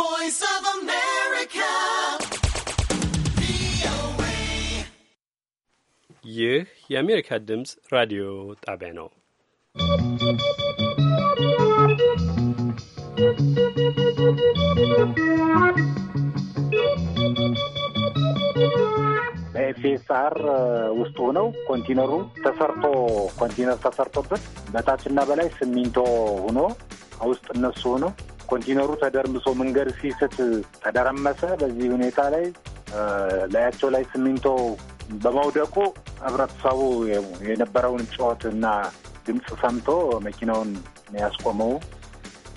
voice of America. ይህ የአሜሪካ ድምፅ ራዲዮ ጣቢያ ነው። በኤፍኤስአር uh, ውስጥ ሆነው ኮንቲነሩ ተሰርቶ ኮንቲነር ተሰርቶበት በታችና በላይ ሲሚንቶ ሆኖ ውስጥ እነሱ ሆነው ኮንቲነሩ ተደርምሶ መንገድ ሲስት ተደረመሰ። በዚህ ሁኔታ ላይ ላያቸው ላይ ሲሚንቶ በመውደቁ ህብረተሰቡ የነበረውን ጩኸት እና ድምፅ ሰምቶ መኪናውን ያስቆመው።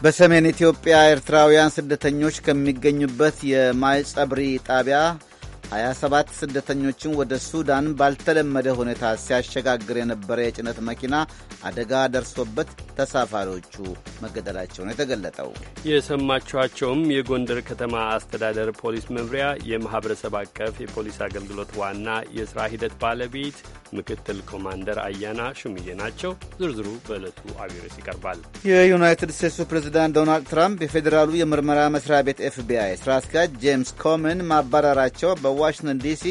በሰሜን ኢትዮጵያ ኤርትራውያን ስደተኞች ከሚገኙበት የማይጸብሪ ጣቢያ 27 ስደተኞችን ወደ ሱዳን ባልተለመደ ሁኔታ ሲያሸጋግር የነበረ የጭነት መኪና አደጋ ደርሶበት ተሳፋሪዎቹ መገደላቸውን የተገለጠው። የሰማችኋቸውም የጎንደር ከተማ አስተዳደር ፖሊስ መምሪያ የማኅበረሰብ አቀፍ የፖሊስ አገልግሎት ዋና የሥራ ሂደት ባለቤት ምክትል ኮማንደር አያና ሹምዬ ናቸው። ዝርዝሩ በዕለቱ አብሬስ ይቀርባል። የዩናይትድ ስቴትሱ ፕሬዚዳንት ዶናልድ ትራምፕ የፌዴራሉ የምርመራ መስሪያ ቤት ኤፍቢአይ ስራ አስኪያጅ ጄምስ ኮምን ማባረራቸው በዋሽንግተን ዲሲ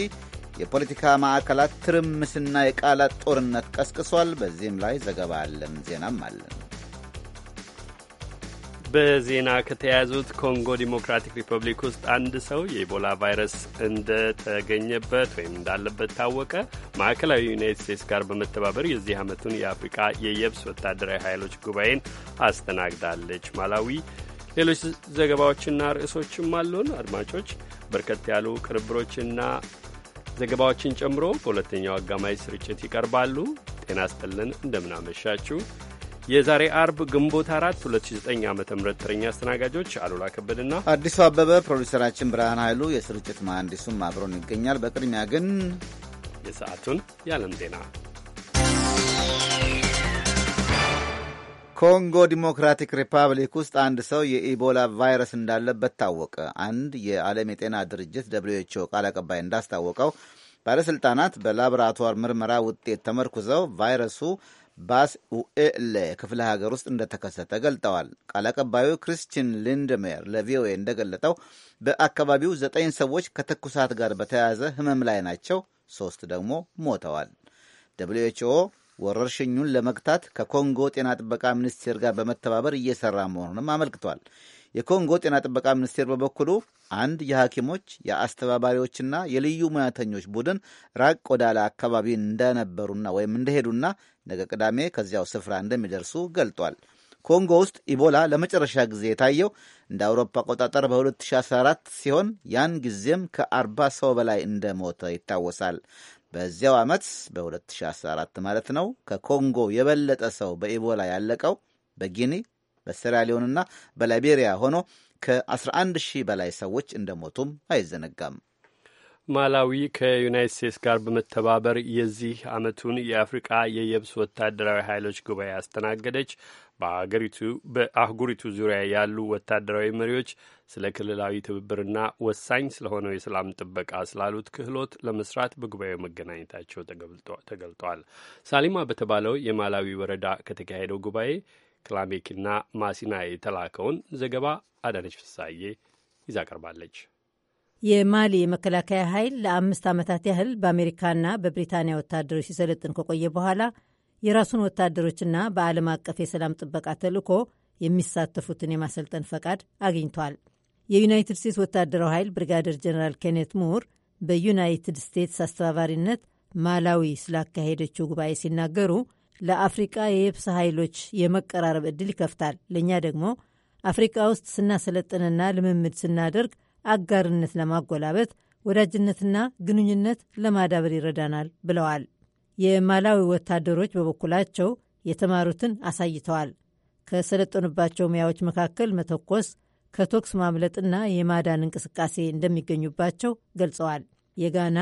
የፖለቲካ ማዕከላት ትርምስና የቃላት ጦርነት ቀስቅሷል። በዚህም ላይ ዘገባ አለን፣ ዜናም አለን። በዜና ከተያያዙት ኮንጎ ዲሞክራቲክ ሪፐብሊክ ውስጥ አንድ ሰው የኢቦላ ቫይረስ እንደተገኘበት ወይም እንዳለበት ታወቀ። ማዕከላዊ ዩናይት ስቴትስ ጋር በመተባበር የዚህ ዓመቱን የአፍሪቃ የየብስ ወታደራዊ ኃይሎች ጉባኤን አስተናግዳለች ማላዊ። ሌሎች ዘገባዎችና ርዕሶችም አሉን። አድማጮች በርከት ያሉ ቅንብሮችና ዘገባዎችን ጨምሮ በሁለተኛው አጋማሽ ስርጭት ይቀርባሉ። ጤና ስጥልን፣ እንደምናመሻችሁ የዛሬ አርብ ግንቦት አራት 2009 ዓ ም ተረኛ አስተናጋጆች አሉላ ከበድና አዲሱ አበበ፣ ፕሮዲሰራችን ብርሃን ኃይሉ፣ የስርጭት መሐንዲሱም አብሮን ይገኛል። በቅድሚያ ግን የሰዓቱን የዓለም ዜና ኮንጎ ዲሞክራቲክ ሪፐብሊክ ውስጥ አንድ ሰው የኢቦላ ቫይረስ እንዳለበት ታወቀ። አንድ የዓለም የጤና ድርጅት ደብሊውኤችኦ ቃል አቀባይ እንዳስታወቀው ባለሥልጣናት በላብራቶር ምርመራ ውጤት ተመርኩዘው ቫይረሱ ባስ ኡኤሌ ክፍለ ሀገር ውስጥ እንደተከሰተ ገልጠዋል። ቃል አቀባዩ ክሪስቲን ሊንድሜር ለቪኦኤ እንደገለጠው በአካባቢው ዘጠኝ ሰዎች ከትኩሳት ጋር በተያያዘ ህመም ላይ ናቸው፣ ሶስት ደግሞ ሞተዋል። ደብሊው ኤች ኦ ወረርሽኙን ለመግታት ከኮንጎ ጤና ጥበቃ ሚኒስቴር ጋር በመተባበር እየሰራ መሆኑንም አመልክቷል። የኮንጎ ጤና ጥበቃ ሚኒስቴር በበኩሉ አንድ የሐኪሞች የአስተባባሪዎችና የልዩ ሙያተኞች ቡድን ራቅ ወዳለ አካባቢ እንደነበሩና ወይም እንደሄዱና ነገ ቅዳሜ ከዚያው ስፍራ እንደሚደርሱ ገልጧል። ኮንጎ ውስጥ ኢቦላ ለመጨረሻ ጊዜ የታየው እንደ አውሮፓ አቆጣጠር በ2014 ሲሆን ያን ጊዜም ከ40 ሰው በላይ እንደሞተ ይታወሳል። በዚያው ዓመት በ2014 ማለት ነው ከኮንጎ የበለጠ ሰው በኢቦላ ያለቀው በጊኒ በሴራሊዮንና በላይቤሪያ ሆኖ ከ11 ሺህ በላይ ሰዎች እንደሞቱም አይዘነጋም። ማላዊ ከዩናይት ስቴትስ ጋር በመተባበር የዚህ ዓመቱን የአፍሪቃ የየብስ ወታደራዊ ኃይሎች ጉባኤ አስተናገደች። በአገሪቱ በአህጉሪቱ ዙሪያ ያሉ ወታደራዊ መሪዎች ስለ ክልላዊ ትብብርና ወሳኝ ስለሆነው የሰላም ጥበቃ ስላሉት ክህሎት ለመስራት በጉባኤው መገናኘታቸው ተገልጧል። ሳሊማ በተባለው የማላዊ ወረዳ ከተካሄደው ጉባኤ ክላሜኪና ማሲና የተላከውን ዘገባ አዳነች ፍሳዬ ይዛ ቀርባለች። የማሊ የመከላከያ ኃይል ለአምስት ዓመታት ያህል በአሜሪካና በብሪታንያ ወታደሮች ሲሰለጥን ከቆየ በኋላ የራሱን ወታደሮችና በዓለም አቀፍ የሰላም ጥበቃ ተልዕኮ የሚሳተፉትን የማሰልጠን ፈቃድ አግኝቷል። የዩናይትድ ስቴትስ ወታደራዊ ኃይል ብሪጋደር ጀኔራል ኬኔት ሙር በዩናይትድ ስቴትስ አስተባባሪነት ማላዊ ስላካሄደችው ጉባኤ ሲናገሩ ለአፍሪቃ የየብስ ኃይሎች የመቀራረብ ዕድል ይከፍታል፣ ለእኛ ደግሞ አፍሪቃ ውስጥ ስናሰለጥንና ልምምድ ስናደርግ አጋርነት ለማጎላበት ወዳጅነትና ግንኙነት ለማዳበር ይረዳናል ብለዋል። የማላዊ ወታደሮች በበኩላቸው የተማሩትን አሳይተዋል። ከሰለጠኑባቸው ሙያዎች መካከል መተኮስ፣ ከቶክስ ማምለጥና የማዳን እንቅስቃሴ እንደሚገኙባቸው ገልጸዋል። የጋና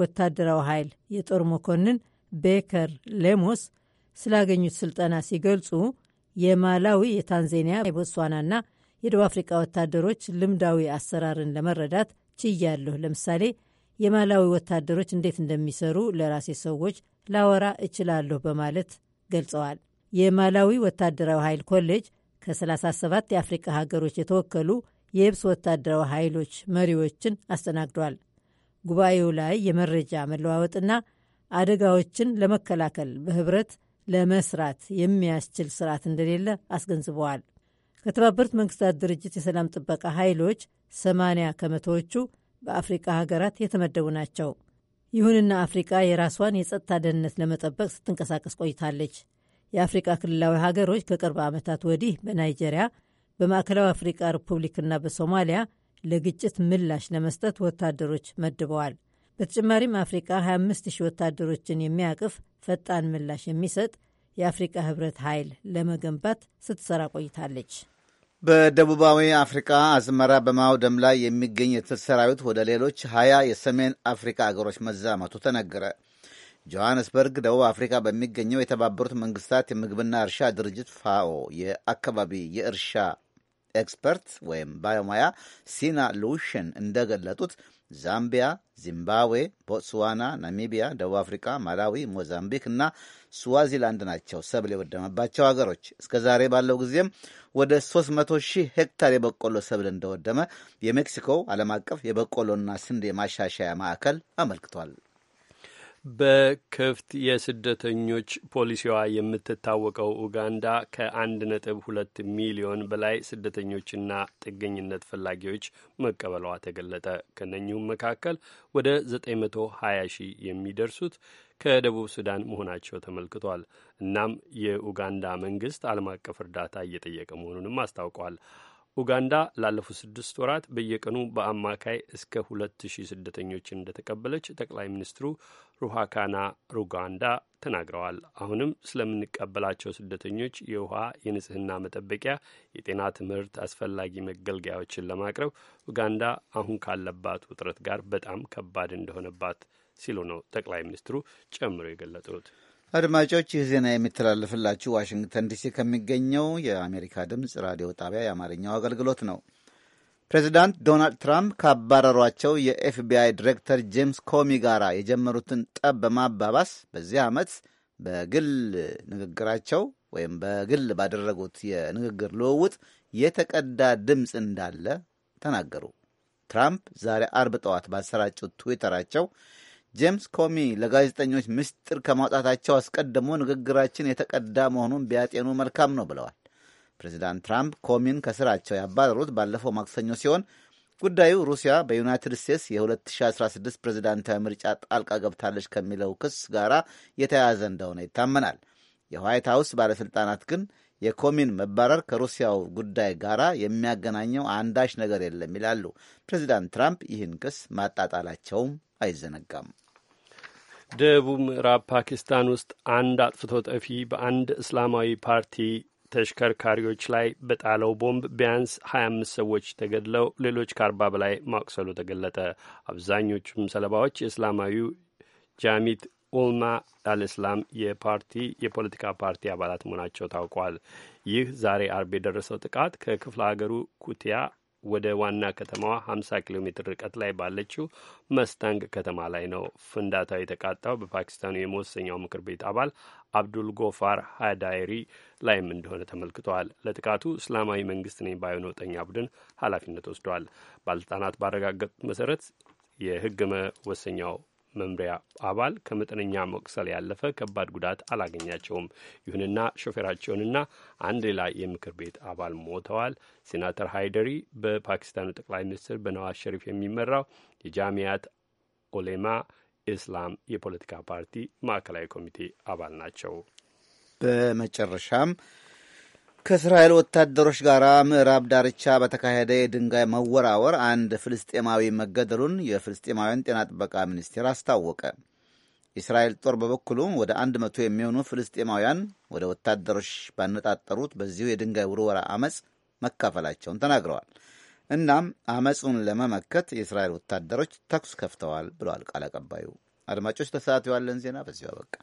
ወታደራዊ ኃይል የጦር መኮንን ቤከር ሌሞስ ስላገኙት ስልጠና ሲገልጹ የማላዊ፣ የታንዛኒያ፣ የቦትስዋናና የደቡብ አፍሪካ ወታደሮች ልምዳዊ አሰራርን ለመረዳት ችያለሁ። ለምሳሌ የማላዊ ወታደሮች እንዴት እንደሚሰሩ ለራሴ ሰዎች ላወራ እችላለሁ በማለት ገልጸዋል። የማላዊ ወታደራዊ ኃይል ኮሌጅ ከ37 የአፍሪካ ሀገሮች የተወከሉ የየብስ ወታደራዊ ኃይሎች መሪዎችን አስተናግዷል። ጉባኤው ላይ የመረጃ መለዋወጥና አደጋዎችን ለመከላከል በህብረት ለመስራት የሚያስችል ስርዓት እንደሌለ አስገንዝበዋል። ከተባበሩት መንግስታት ድርጅት የሰላም ጥበቃ ኃይሎች 80 ከመቶዎቹ በአፍሪቃ ሀገራት የተመደቡ ናቸው። ይሁንና አፍሪቃ የራሷን የጸጥታ ደህንነት ለመጠበቅ ስትንቀሳቀስ ቆይታለች። የአፍሪቃ ክልላዊ ሀገሮች ከቅርብ ዓመታት ወዲህ በናይጄሪያ፣ በማዕከላዊ አፍሪቃ ሪፑብሊክና በሶማሊያ ለግጭት ምላሽ ለመስጠት ወታደሮች መድበዋል። በተጨማሪም አፍሪቃ 25 ሺህ ወታደሮችን የሚያቅፍ ፈጣን ምላሽ የሚሰጥ የአፍሪቃ ህብረት ኃይል ለመገንባት ስትሰራ ቆይታለች። በደቡባዊ አፍሪካ አዝመራ በማውደም ላይ የሚገኝ የትል ሰራዊት ወደ ሌሎች ሀያ የሰሜን አፍሪካ አገሮች መዛመቱ ተነገረ። ጆሐንስበርግ ደቡብ አፍሪካ በሚገኘው የተባበሩት መንግስታት የምግብና እርሻ ድርጅት ፋኦ የአካባቢ የእርሻ ኤክስፐርት ወይም ባለሙያ ሲና ሉሽን እንደገለጡት ዛምቢያ፣ ዚምባብዌ፣ ቦትስዋና፣ ናሚቢያ፣ ደቡብ አፍሪካ፣ ማላዊ፣ ሞዛምቢክ እና ስዋዚላንድ ናቸው ሰብል የወደመባቸው ሀገሮች። እስከ ዛሬ ባለው ጊዜም ወደ 300 ሺህ ሄክታር የበቆሎ ሰብል እንደወደመ የሜክሲኮ ዓለም አቀፍ የበቆሎና ስንዴ ማሻሻያ ማዕከል አመልክቷል። በክፍት የስደተኞች ፖሊሲዋ የምትታወቀው ኡጋንዳ ከአንድ ነጥብ ሁለት ሚሊዮን በላይ ስደተኞችና ጥገኝነት ፈላጊዎች መቀበሏ ተገለጠ። ከነኚሁም መካከል ወደ ዘጠኝ መቶ ሀያ ሺህ የሚደርሱት ከደቡብ ሱዳን መሆናቸው ተመልክቷል። እናም የኡጋንዳ መንግስት ዓለም አቀፍ እርዳታ እየጠየቀ መሆኑንም አስታውቋል። ኡጋንዳ ላለፉት ስድስት ወራት በየቀኑ በአማካይ እስከ ሁለት ሺህ ስደተኞችን እንደተቀበለች ጠቅላይ ሚኒስትሩ ሩሃካና ሩጋንዳ ተናግረዋል። አሁንም ስለምንቀበላቸው ስደተኞች የውሃ፣ የንጽህና መጠበቂያ፣ የጤና ትምህርት አስፈላጊ መገልገያዎችን ለማቅረብ ኡጋንዳ አሁን ካለባት ውጥረት ጋር በጣም ከባድ እንደሆነባት ሲሉ ነው ጠቅላይ ሚኒስትሩ ጨምሮ የገለጡት። አድማጮች ይህ ዜና የሚተላለፍላችሁ ዋሽንግተን ዲሲ ከሚገኘው የአሜሪካ ድምፅ ራዲዮ ጣቢያ የአማርኛው አገልግሎት ነው። ፕሬዚዳንት ዶናልድ ትራምፕ ካባረሯቸው የኤፍቢአይ ዲሬክተር ጄምስ ኮሚ ጋራ የጀመሩትን ጠብ በማባባስ በዚህ ዓመት በግል ንግግራቸው ወይም በግል ባደረጉት የንግግር ልውውጥ የተቀዳ ድምፅ እንዳለ ተናገሩ። ትራምፕ ዛሬ አርብ ጠዋት ባሰራጩት ትዊተራቸው ጄምስ ኮሚ ለጋዜጠኞች ምስጢር ከማውጣታቸው አስቀድሞ ንግግራችን የተቀዳ መሆኑን ቢያጤኑ መልካም ነው ብለዋል። ፕሬዚዳንት ትራምፕ ኮሚን ከስራቸው ያባረሩት ባለፈው ማክሰኞ ሲሆን ጉዳዩ ሩሲያ በዩናይትድ ስቴትስ የ2016 ፕሬዚዳንታዊ ምርጫ ጣልቃ ገብታለች ከሚለው ክስ ጋር የተያያዘ እንደሆነ ይታመናል። የዋይት ሀውስ ባለሥልጣናት ግን የኮሚን መባረር ከሩሲያው ጉዳይ ጋር የሚያገናኘው አንዳች ነገር የለም ይላሉ። ፕሬዚዳንት ትራምፕ ይህን ክስ ማጣጣላቸውም አይዘነጋም። ደቡብ ምዕራብ ፓኪስታን ውስጥ አንድ አጥፍቶ ጠፊ በአንድ እስላማዊ ፓርቲ ተሽከርካሪዎች ላይ በጣለው ቦምብ ቢያንስ 25 ሰዎች ተገድለው ሌሎች ከአርባ በላይ ማቁሰሉ ተገለጠ። አብዛኞቹም ሰለባዎች የእስላማዊው ጃሚት ኡልማ አልእስላም የፓርቲ የፖለቲካ ፓርቲ አባላት መሆናቸው ታውቋል። ይህ ዛሬ አርብ የደረሰው ጥቃት ከክፍለ ሀገሩ ኩቲያ ወደ ዋና ከተማዋ 50 ኪሎ ሜትር ርቀት ላይ ባለችው መስታንግ ከተማ ላይ ነው ፍንዳታው የተቃጣው። በፓኪስታኑ የመወሰኛው ምክር ቤት አባል አብዱል ጎፋር ሃዳይሪ ላይም እንደሆነ ተመልክተዋል። ለጥቃቱ እስላማዊ መንግስት ነኝ ባዩ ነውጠኛ ቡድን ኃላፊነት ወስደዋል። ባለስልጣናት ባረጋገጡት መሰረት የህግ መወሰኛው መምሪያ አባል ከመጠነኛ መቁሰል ያለፈ ከባድ ጉዳት አላገኛቸውም። ይሁንና ሾፌራቸውንና አንድ ሌላ የምክር ቤት አባል ሞተዋል። ሴናተር ሃይደሪ በፓኪስታኑ ጠቅላይ ሚኒስትር በነዋዝ ሸሪፍ የሚመራው የጃሚያት ኦሌማ ኢስላም የፖለቲካ ፓርቲ ማዕከላዊ ኮሚቴ አባል ናቸው። በመጨረሻም ከእስራኤል ወታደሮች ጋር ምዕራብ ዳርቻ በተካሄደ የድንጋይ መወራወር አንድ ፍልስጤማዊ መገደሉን የፍልስጤማውያን ጤና ጥበቃ ሚኒስቴር አስታወቀ። የእስራኤል ጦር በበኩሉ ወደ አንድ መቶ የሚሆኑ ፍልስጤማውያን ወደ ወታደሮች ባነጣጠሩት በዚሁ የድንጋይ ውርወራ አመፅ መካፈላቸውን ተናግረዋል። እናም አመፁን ለመመከት የእስራኤል ወታደሮች ተኩስ ከፍተዋል ብለዋል ቃል አቀባዩ። አድማጮች፣ ለሰዓት የዋለን ዜና በዚሁ አበቃ።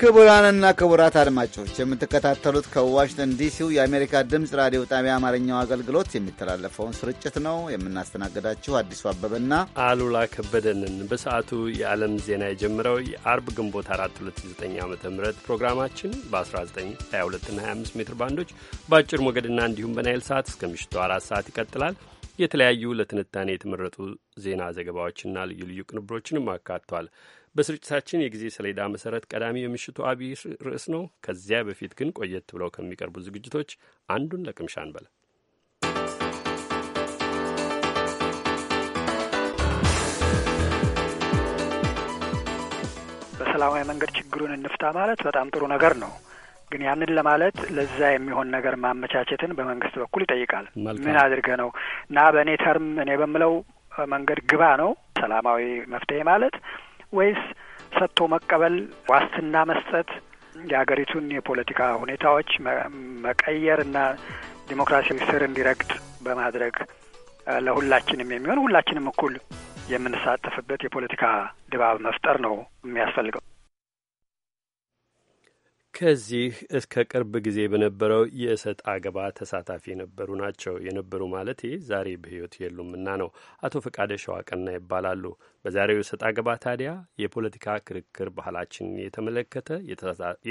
ክቡራንና ክቡራት አድማጮች የምትከታተሉት ከዋሽንግተን ዲሲው የአሜሪካ ድምፅ ራዲዮ ጣቢያ አማርኛው አገልግሎት የሚተላለፈውን ስርጭት ነው። የምናስተናግዳችሁ አዲሱ አበበና አሉላ ከበደንን። በሰዓቱ የዓለም ዜና የጀመረው የአርብ ግንቦት 4 2009 ዓ ም ፕሮግራማችን በ 1922 እና 25 ሜትር ባንዶች በአጭር ሞገድና እንዲሁም በናይል ሰዓት እስከ ምሽቱ አራት ሰዓት ይቀጥላል። የተለያዩ ለትንታኔ የተመረጡ ዜና ዘገባዎችና ልዩ ልዩ ቅንብሮችንም አካቷል። በስርጭታችን የጊዜ ሰሌዳ መሰረት ቀዳሚ የምሽቱ አብይ ርዕስ ነው። ከዚያ በፊት ግን ቆየት ብለው ከሚቀርቡ ዝግጅቶች አንዱን ለቅምሻ እንበል። በሰላማዊ መንገድ ችግሩን እንፍታ ማለት በጣም ጥሩ ነገር ነው። ግን ያንን ለማለት ለዛ የሚሆን ነገር ማመቻቸትን በመንግስት በኩል ይጠይቃል። ምን አድርገ ነው እና በእኔ ተርም እኔ በምለው መንገድ ግባ ነው ሰላማዊ መፍትሄ ማለት ወይስ ሰጥቶ መቀበል፣ ዋስትና መስጠት፣ የሀገሪቱን የፖለቲካ ሁኔታዎች መቀየር እና ዲሞክራሲያዊ ስር እንዲረግጥ በማድረግ ለሁላችንም የሚሆን ሁላችንም እኩል የምንሳተፍበት የፖለቲካ ድባብ መፍጠር ነው የሚያስፈልገው። ከዚህ እስከ ቅርብ ጊዜ በነበረው የእሰጥ አገባ ተሳታፊ የነበሩ ናቸው። የነበሩ ማለት ዛሬ በሕይወት የሉምና ነው። አቶ ፈቃደ ሸዋቀና ይባላሉ። በዛሬው እሰጥ አገባ ታዲያ የፖለቲካ ክርክር ባህላችን የተመለከተ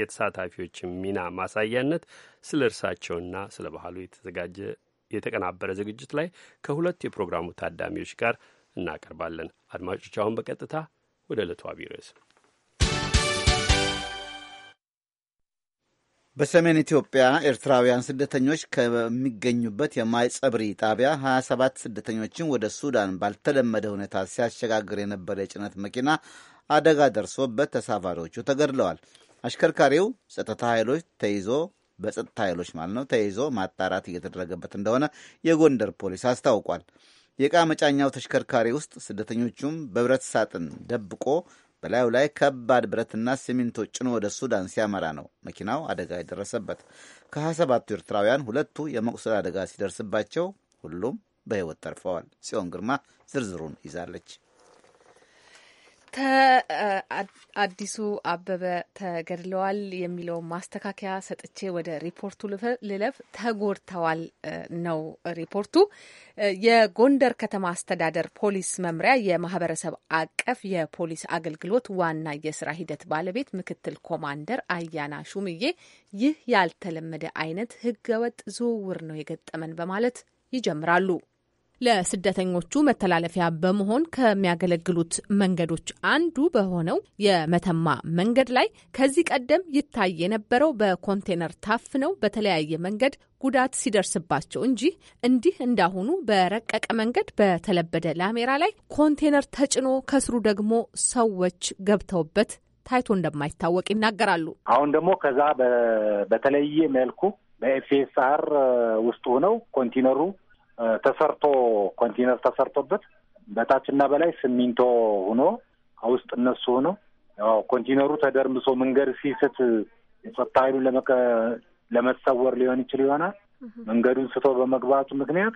የተሳታፊዎችን ሚና ማሳያነት ስለ እርሳቸውና ስለ ባህሉ የተዘጋጀ የተቀናበረ ዝግጅት ላይ ከሁለት የፕሮግራሙ ታዳሚዎች ጋር እናቀርባለን። አድማጮች አሁን በቀጥታ ወደ ዕለቱ አብይ ርዕስ በሰሜን ኢትዮጵያ ኤርትራውያን ስደተኞች ከሚገኙበት የማይ ጸብሪ ጣቢያ 27 ስደተኞችን ወደ ሱዳን ባልተለመደ ሁኔታ ሲያሸጋግር የነበረ የጭነት መኪና አደጋ ደርሶበት ተሳፋሪዎቹ ተገድለዋል። አሽከርካሪው ጸጥታ ኃይሎች ተይዞ በጸጥታ ኃይሎች ማለት ነው ተይዞ ማጣራት እየተደረገበት እንደሆነ የጎንደር ፖሊስ አስታውቋል። የእቃ መጫኛው ተሽከርካሪ ውስጥ ስደተኞቹም በብረት ሳጥን ደብቆ በላዩ ላይ ከባድ ብረትና ሲሚንቶ ጭኖ ወደ ሱዳን ሲያመራ ነው መኪናው አደጋ የደረሰበት። ከ27ቱ ኤርትራውያን ሁለቱ የመቁሰል አደጋ ሲደርስባቸው ሁሉም በሕይወት ተርፈዋል። ጽዮን ግርማ ዝርዝሩን ይዛለች። አዲሱ አበበ ተገድለዋል የሚለው ማስተካከያ ሰጥቼ ወደ ሪፖርቱ ልለፍ። ተጎድተዋል ነው ሪፖርቱ። የጎንደር ከተማ አስተዳደር ፖሊስ መምሪያ የማህበረሰብ አቀፍ የፖሊስ አገልግሎት ዋና የስራ ሂደት ባለቤት ምክትል ኮማንደር አያና ሹምዬ ይህ ያልተለመደ አይነት ህገወጥ ዝውውር ነው የገጠመን በማለት ይጀምራሉ። ለስደተኞቹ መተላለፊያ በመሆን ከሚያገለግሉት መንገዶች አንዱ በሆነው የመተማ መንገድ ላይ ከዚህ ቀደም ይታይ የነበረው በኮንቴነር ታፍነው በተለያየ መንገድ ጉዳት ሲደርስባቸው እንጂ እንዲህ እንዳሁኑ በረቀቀ መንገድ በተለበደ ላሜራ ላይ ኮንቴነር ተጭኖ ከስሩ ደግሞ ሰዎች ገብተውበት ታይቶ እንደማይታወቅ ይናገራሉ። አሁን ደግሞ ከዛ በተለየ መልኩ በኤፍኤስአር ውስጥ ሆነው ኮንቲነሩ ተሰርቶ ኮንቴነር ተሰርቶበት በታችና በላይ ስሚንቶ ሆኖ ውስጥ እነሱ ሆኖ ያው ኮንቴነሩ ተደርምሶ መንገድ ሲስት የጸጥታ ኃይሉን ለመሰወር ሊሆን ይችል ይሆናል። መንገዱን ስቶ በመግባቱ ምክንያት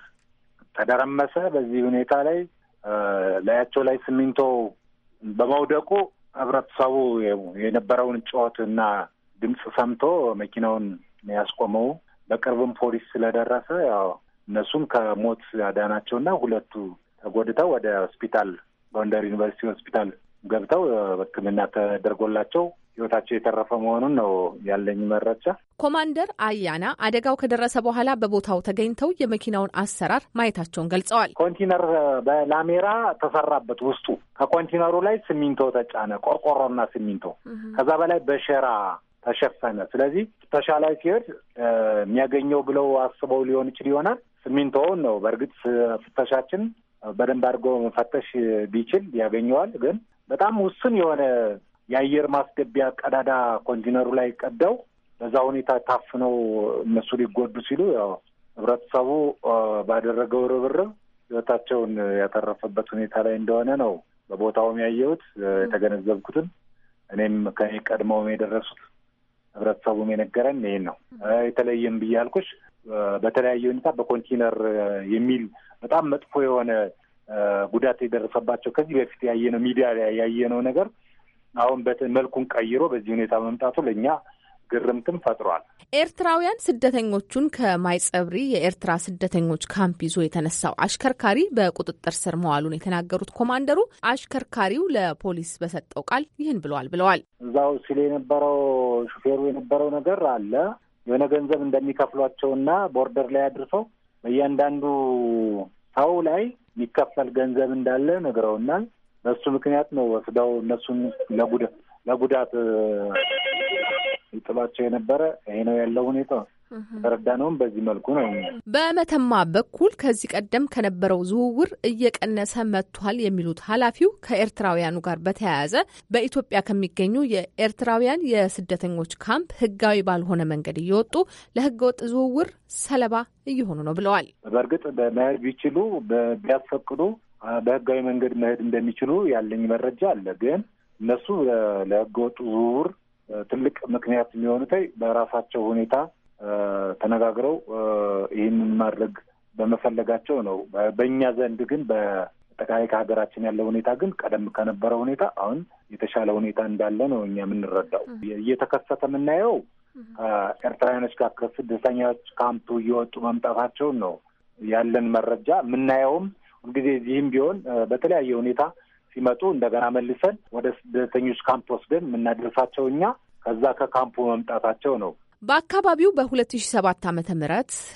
ተደረመሰ። በዚህ ሁኔታ ላይ ላያቸው ላይ ስሚንቶ በመውደቁ ህብረተሰቡ የነበረውን ጩኸት እና ድምፅ ሰምቶ መኪናውን ያስቆመው። በቅርብም ፖሊስ ስለደረሰ ያው እነሱም ከሞት ያዳናቸውና ሁለቱ ተጎድተው ወደ ሆስፒታል ጎንደር ዩኒቨርሲቲ ሆስፒታል ገብተው ሕክምና ተደርጎላቸው ህይወታቸው የተረፈ መሆኑን ነው ያለኝ መረጃ። ኮማንደር አያና አደጋው ከደረሰ በኋላ በቦታው ተገኝተው የመኪናውን አሰራር ማየታቸውን ገልጸዋል። ኮንቲነር በላሜራ ተሰራበት። ውስጡ ከኮንቲነሩ ላይ ሲሚንቶ ተጫነ፣ ቆርቆሮና ሲሚንቶ። ከዛ በላይ በሸራ ተሸፈነ። ስለዚህ ተሻላይ ሲሄድ የሚያገኘው ብለው አስበው ሊሆን ይችል ይሆናል ሲሚንቶውን ነው። በእርግጥ ፍተሻችን በደንብ አድርጎ መፈተሽ ቢችል ያገኘዋል። ግን በጣም ውስን የሆነ የአየር ማስገቢያ ቀዳዳ ኮንቲነሩ ላይ ቀደው በዛ ሁኔታ ታፍነው እነሱ ሊጎዱ ሲሉ ያው ህብረተሰቡ ባደረገው ርብርብ ህይወታቸውን ያተረፈበት ሁኔታ ላይ እንደሆነ ነው በቦታውም ያየሁት የተገነዘብኩትን እኔም ከኔ ቀድመውም የደረሱት ህብረተሰቡም የነገረን ይህን ነው። የተለየም ብዬ በተለያየ ሁኔታ በኮንቲነር የሚል በጣም መጥፎ የሆነ ጉዳት የደረሰባቸው ከዚህ በፊት ያየነው ሚዲያ ላይ ያየነው ነገር አሁን መልኩን ቀይሮ በዚህ ሁኔታ መምጣቱ ለእኛ ግርምትም ፈጥሯል። ኤርትራውያን ስደተኞቹን ከማይጸብሪ የኤርትራ ስደተኞች ካምፕ ይዞ የተነሳው አሽከርካሪ በቁጥጥር ስር መዋሉን የተናገሩት ኮማንደሩ አሽከርካሪው ለፖሊስ በሰጠው ቃል ይህን ብለዋል ብለዋል። እዛው ሲል የነበረው ሹፌሩ የነበረው ነገር አለ የሆነ ገንዘብ እንደሚከፍሏቸውና ቦርደር ላይ አድርሰው በእያንዳንዱ ሰው ላይ የሚከፈል ገንዘብ እንዳለ ነግረውናል። በሱ ምክንያት ነው ወስደው እነሱን ለጉዳት ይጥሏቸው የነበረ። ይሄ ነው ያለው ሁኔታ። ተረዳነውም በዚህ መልኩ ነው። በመተማ በኩል ከዚህ ቀደም ከነበረው ዝውውር እየቀነሰ መጥቷል የሚሉት ኃላፊው ከኤርትራውያኑ ጋር በተያያዘ በኢትዮጵያ ከሚገኙ የኤርትራውያን የስደተኞች ካምፕ ህጋዊ ባልሆነ መንገድ እየወጡ ለህገወጥ ዝውውር ሰለባ እየሆኑ ነው ብለዋል። በእርግጥ መሄድ ቢችሉ ቢያስፈቅዱ በህጋዊ መንገድ መሄድ እንደሚችሉ ያለኝ መረጃ አለ። ግን እነሱ ለህገወጡ ዝውውር ትልቅ ምክንያት የሚሆኑት በራሳቸው ሁኔታ ተነጋግረው ይህንን ማድረግ በመፈለጋቸው ነው። በእኛ ዘንድ ግን በጠቃላይ ከሀገራችን ያለው ሁኔታ ግን ቀደም ከነበረ ሁኔታ አሁን የተሻለ ሁኔታ እንዳለ ነው እኛ የምንረዳው። እየተከሰተ የምናየው ከኤርትራውያኖች ጋር ከስደተኞች ካምፑ እየወጡ መምጣታቸውን ነው ያለን መረጃ የምናየውም ሁልጊዜ እዚህም ቢሆን በተለያየ ሁኔታ ሲመጡ እንደገና መልሰን ወደ ስደተኞች ካምፕ ወስደን የምናደርሳቸው እኛ ከዛ ከካምፑ መምጣታቸው ነው በአካባቢው በ2007 ዓ ም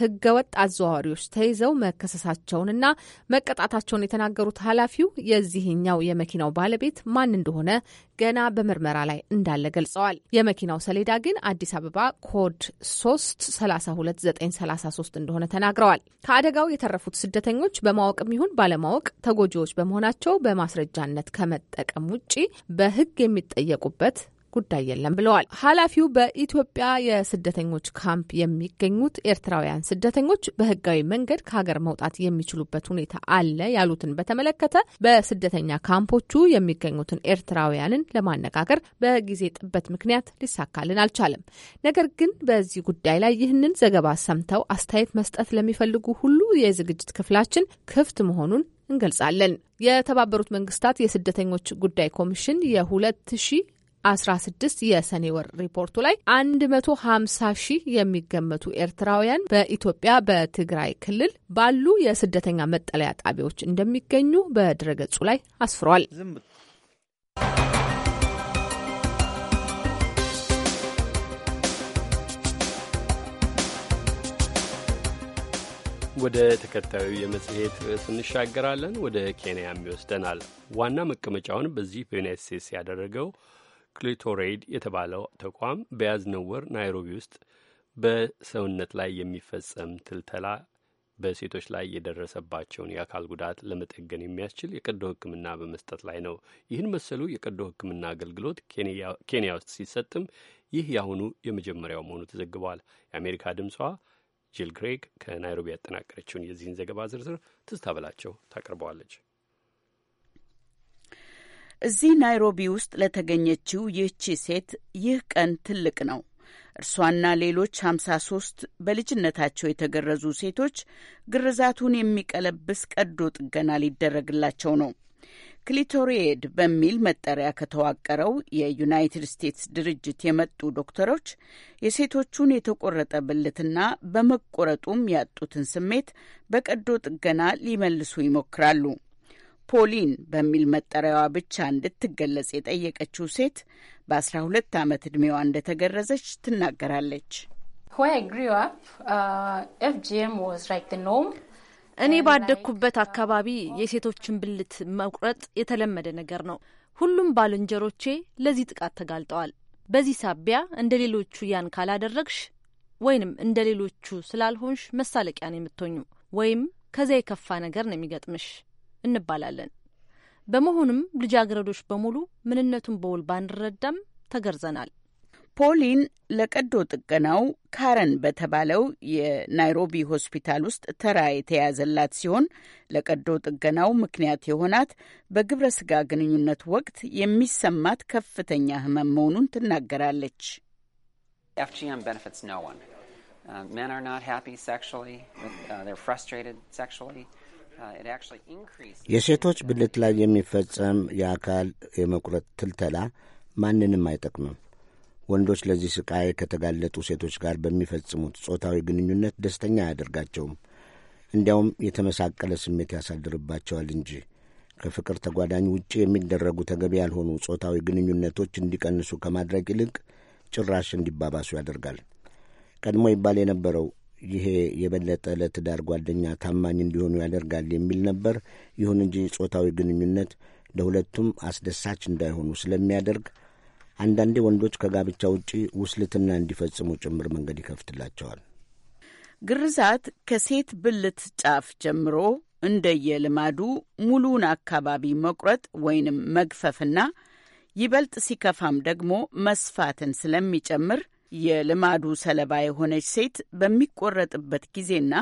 ህገወጥ አዘዋዋሪዎች ተይዘው መከሰሳቸውንና መቀጣታቸውን የተናገሩት ኃላፊው የዚህኛው የመኪናው ባለቤት ማን እንደሆነ ገና በምርመራ ላይ እንዳለ ገልጸዋል። የመኪናው ሰሌዳ ግን አዲስ አበባ ኮድ 3 32933 እንደሆነ ተናግረዋል። ከአደጋው የተረፉት ስደተኞች በማወቅም ይሁን ባለማወቅ ተጎጂዎች በመሆናቸው በማስረጃነት ከመጠቀም ውጪ በህግ የሚጠየቁበት ጉዳይ የለም ብለዋል ኃላፊው። በኢትዮጵያ የስደተኞች ካምፕ የሚገኙት ኤርትራውያን ስደተኞች በህጋዊ መንገድ ከሀገር መውጣት የሚችሉበት ሁኔታ አለ ያሉትን በተመለከተ በስደተኛ ካምፖቹ የሚገኙትን ኤርትራውያንን ለማነጋገር በጊዜ ጥበት ምክንያት ሊሳካልን አልቻለም። ነገር ግን በዚህ ጉዳይ ላይ ይህንን ዘገባ ሰምተው አስተያየት መስጠት ለሚፈልጉ ሁሉ የዝግጅት ክፍላችን ክፍት መሆኑን እንገልጻለን። የተባበሩት መንግስታት የስደተኞች ጉዳይ ኮሚሽን የሁለት ሺህ 16 የሰኔ ወር ሪፖርቱ ላይ 150 ሺህ የሚገመቱ ኤርትራውያን በኢትዮጵያ በትግራይ ክልል ባሉ የስደተኛ መጠለያ ጣቢያዎች እንደሚገኙ በድረገጹ ላይ አስፍሯል። ወደ ተከታዩ የመጽሔት ርዕስ እንሻገራለን። ወደ ኬንያም ይወስደናል። ዋና መቀመጫውን በዚህ በዩናይት ስቴትስ ያደረገው ክሊቶሬድ የተባለው ተቋም በያዝነው ወር ናይሮቢ ውስጥ በሰውነት ላይ የሚፈጸም ትልተላ በሴቶች ላይ የደረሰባቸውን የአካል ጉዳት ለመጠገን የሚያስችል የቀዶ ሕክምና በመስጠት ላይ ነው። ይህን መሰሉ የቀዶ ሕክምና አገልግሎት ኬንያ ውስጥ ሲሰጥም ይህ የአሁኑ የመጀመሪያው መሆኑ ተዘግቧል። የአሜሪካ ድምጿ ጂል ግሬግ ከናይሮቢ ያጠናቀረችውን የዚህን ዘገባ ዝርዝር ትዝታ በላቸው ታቀርበዋለች። እዚህ ናይሮቢ ውስጥ ለተገኘችው ይህቺ ሴት ይህ ቀን ትልቅ ነው። እርሷና ሌሎች ሀምሳ ሶስት በልጅነታቸው የተገረዙ ሴቶች ግርዛቱን የሚቀለብስ ቀዶ ጥገና ሊደረግላቸው ነው። ክሊቶሪየድ በሚል መጠሪያ ከተዋቀረው የዩናይትድ ስቴትስ ድርጅት የመጡ ዶክተሮች የሴቶቹን የተቆረጠ ብልትና በመቆረጡም ያጡትን ስሜት በቀዶ ጥገና ሊመልሱ ይሞክራሉ። ፖሊን በሚል መጠሪያዋ ብቻ እንድትገለጽ የጠየቀችው ሴት በአስራ ሁለት ዓመት ዕድሜዋ እንደተገረዘች ትናገራለች። uh, እኔ ባደግኩበት uh, አካባቢ የሴቶችን ብልት መቁረጥ የተለመደ ነገር ነው። ሁሉም ባልንጀሮቼ ለዚህ ጥቃት ተጋልጠዋል። በዚህ ሳቢያ እንደ ሌሎቹ ያን ካላደረግሽ ወይንም እንደ ሌሎቹ ስላልሆንሽ መሳለቂያ ነው የምትሆኙ ወይም ከዚያ የከፋ ነገር ነው የሚገጥምሽ እንባላለን። በመሆኑም ልጃገረዶች በሙሉ ምንነቱን በውል ባንረዳም ተገርዘናል። ፖሊን ለቀዶ ጥገናው ካረን በተባለው የናይሮቢ ሆስፒታል ውስጥ ተራ የተያዘላት ሲሆን ለቀዶ ጥገናው ምክንያት የሆናት በግብረ ስጋ ግንኙነት ወቅት የሚሰማት ከፍተኛ ህመም መሆኑን ትናገራለች። ኤፍጂኤም Uh, የሴቶች ብልት ላይ የሚፈጸም የአካል የመቁረጥ ትልተላ ማንንም አይጠቅምም። ወንዶች ለዚህ ስቃይ ከተጋለጡ ሴቶች ጋር በሚፈጽሙት ጾታዊ ግንኙነት ደስተኛ አያደርጋቸውም። እንዲያውም የተመሳቀለ ስሜት ያሳድርባቸዋል እንጂ ከፍቅር ተጓዳኝ ውጪ የሚደረጉ ተገቢ ያልሆኑ ጾታዊ ግንኙነቶች እንዲቀንሱ ከማድረግ ይልቅ ጭራሽ እንዲባባሱ ያደርጋል። ቀድሞ ይባል የነበረው ይሄ የበለጠ ለትዳር ጓደኛ ታማኝ እንዲሆኑ ያደርጋል የሚል ነበር። ይሁን እንጂ ጾታዊ ግንኙነት ለሁለቱም አስደሳች እንዳይሆኑ ስለሚያደርግ አንዳንዴ ወንዶች ከጋብቻ ውጪ ውስልትና እንዲፈጽሙ ጭምር መንገድ ይከፍትላቸዋል። ግርዛት ከሴት ብልት ጫፍ ጀምሮ እንደየልማዱ ሙሉውን አካባቢ መቁረጥ ወይንም መግፈፍና ይበልጥ ሲከፋም ደግሞ መስፋትን ስለሚጨምር የልማዱ ሰለባ የሆነች ሴት በሚቆረጥበት ጊዜና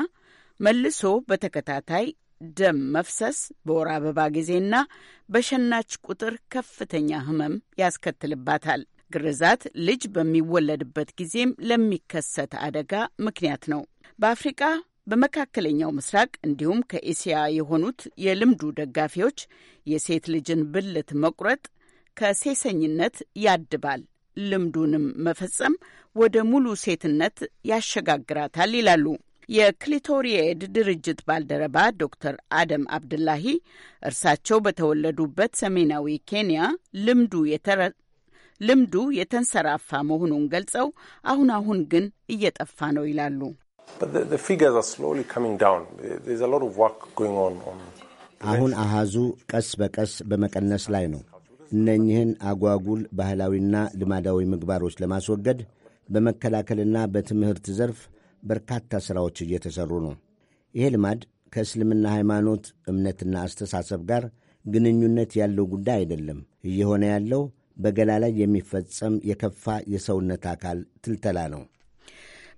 መልሶ በተከታታይ ደም መፍሰስ በወር አበባ ጊዜና በሸናች ቁጥር ከፍተኛ ህመም ያስከትልባታል። ግርዛት ልጅ በሚወለድበት ጊዜም ለሚከሰት አደጋ ምክንያት ነው። በአፍሪቃ በመካከለኛው ምስራቅ እንዲሁም ከኤስያ የሆኑት የልምዱ ደጋፊዎች የሴት ልጅን ብልት መቁረጥ ከሴሰኝነት ያድባል፣ ልምዱንም መፈጸም ወደ ሙሉ ሴትነት ያሸጋግራታል ይላሉ። የክሊቶሪኤድ ድርጅት ባልደረባ ዶክተር አደም አብድላሂ እርሳቸው በተወለዱበት ሰሜናዊ ኬንያ ልምዱ የተረ ልምዱ የተንሰራፋ መሆኑን ገልጸው አሁን አሁን ግን እየጠፋ ነው ይላሉ። አሁን አሃዙ ቀስ በቀስ በመቀነስ ላይ ነው። እነኚህን አጓጉል ባህላዊና ልማዳዊ ምግባሮች ለማስወገድ በመከላከልና በትምህርት ዘርፍ በርካታ ሥራዎች እየተሠሩ ነው። ይሄ ልማድ ከእስልምና ሃይማኖት እምነትና አስተሳሰብ ጋር ግንኙነት ያለው ጉዳይ አይደለም። እየሆነ ያለው በገላ ላይ የሚፈጸም የከፋ የሰውነት አካል ትልተላ ነው።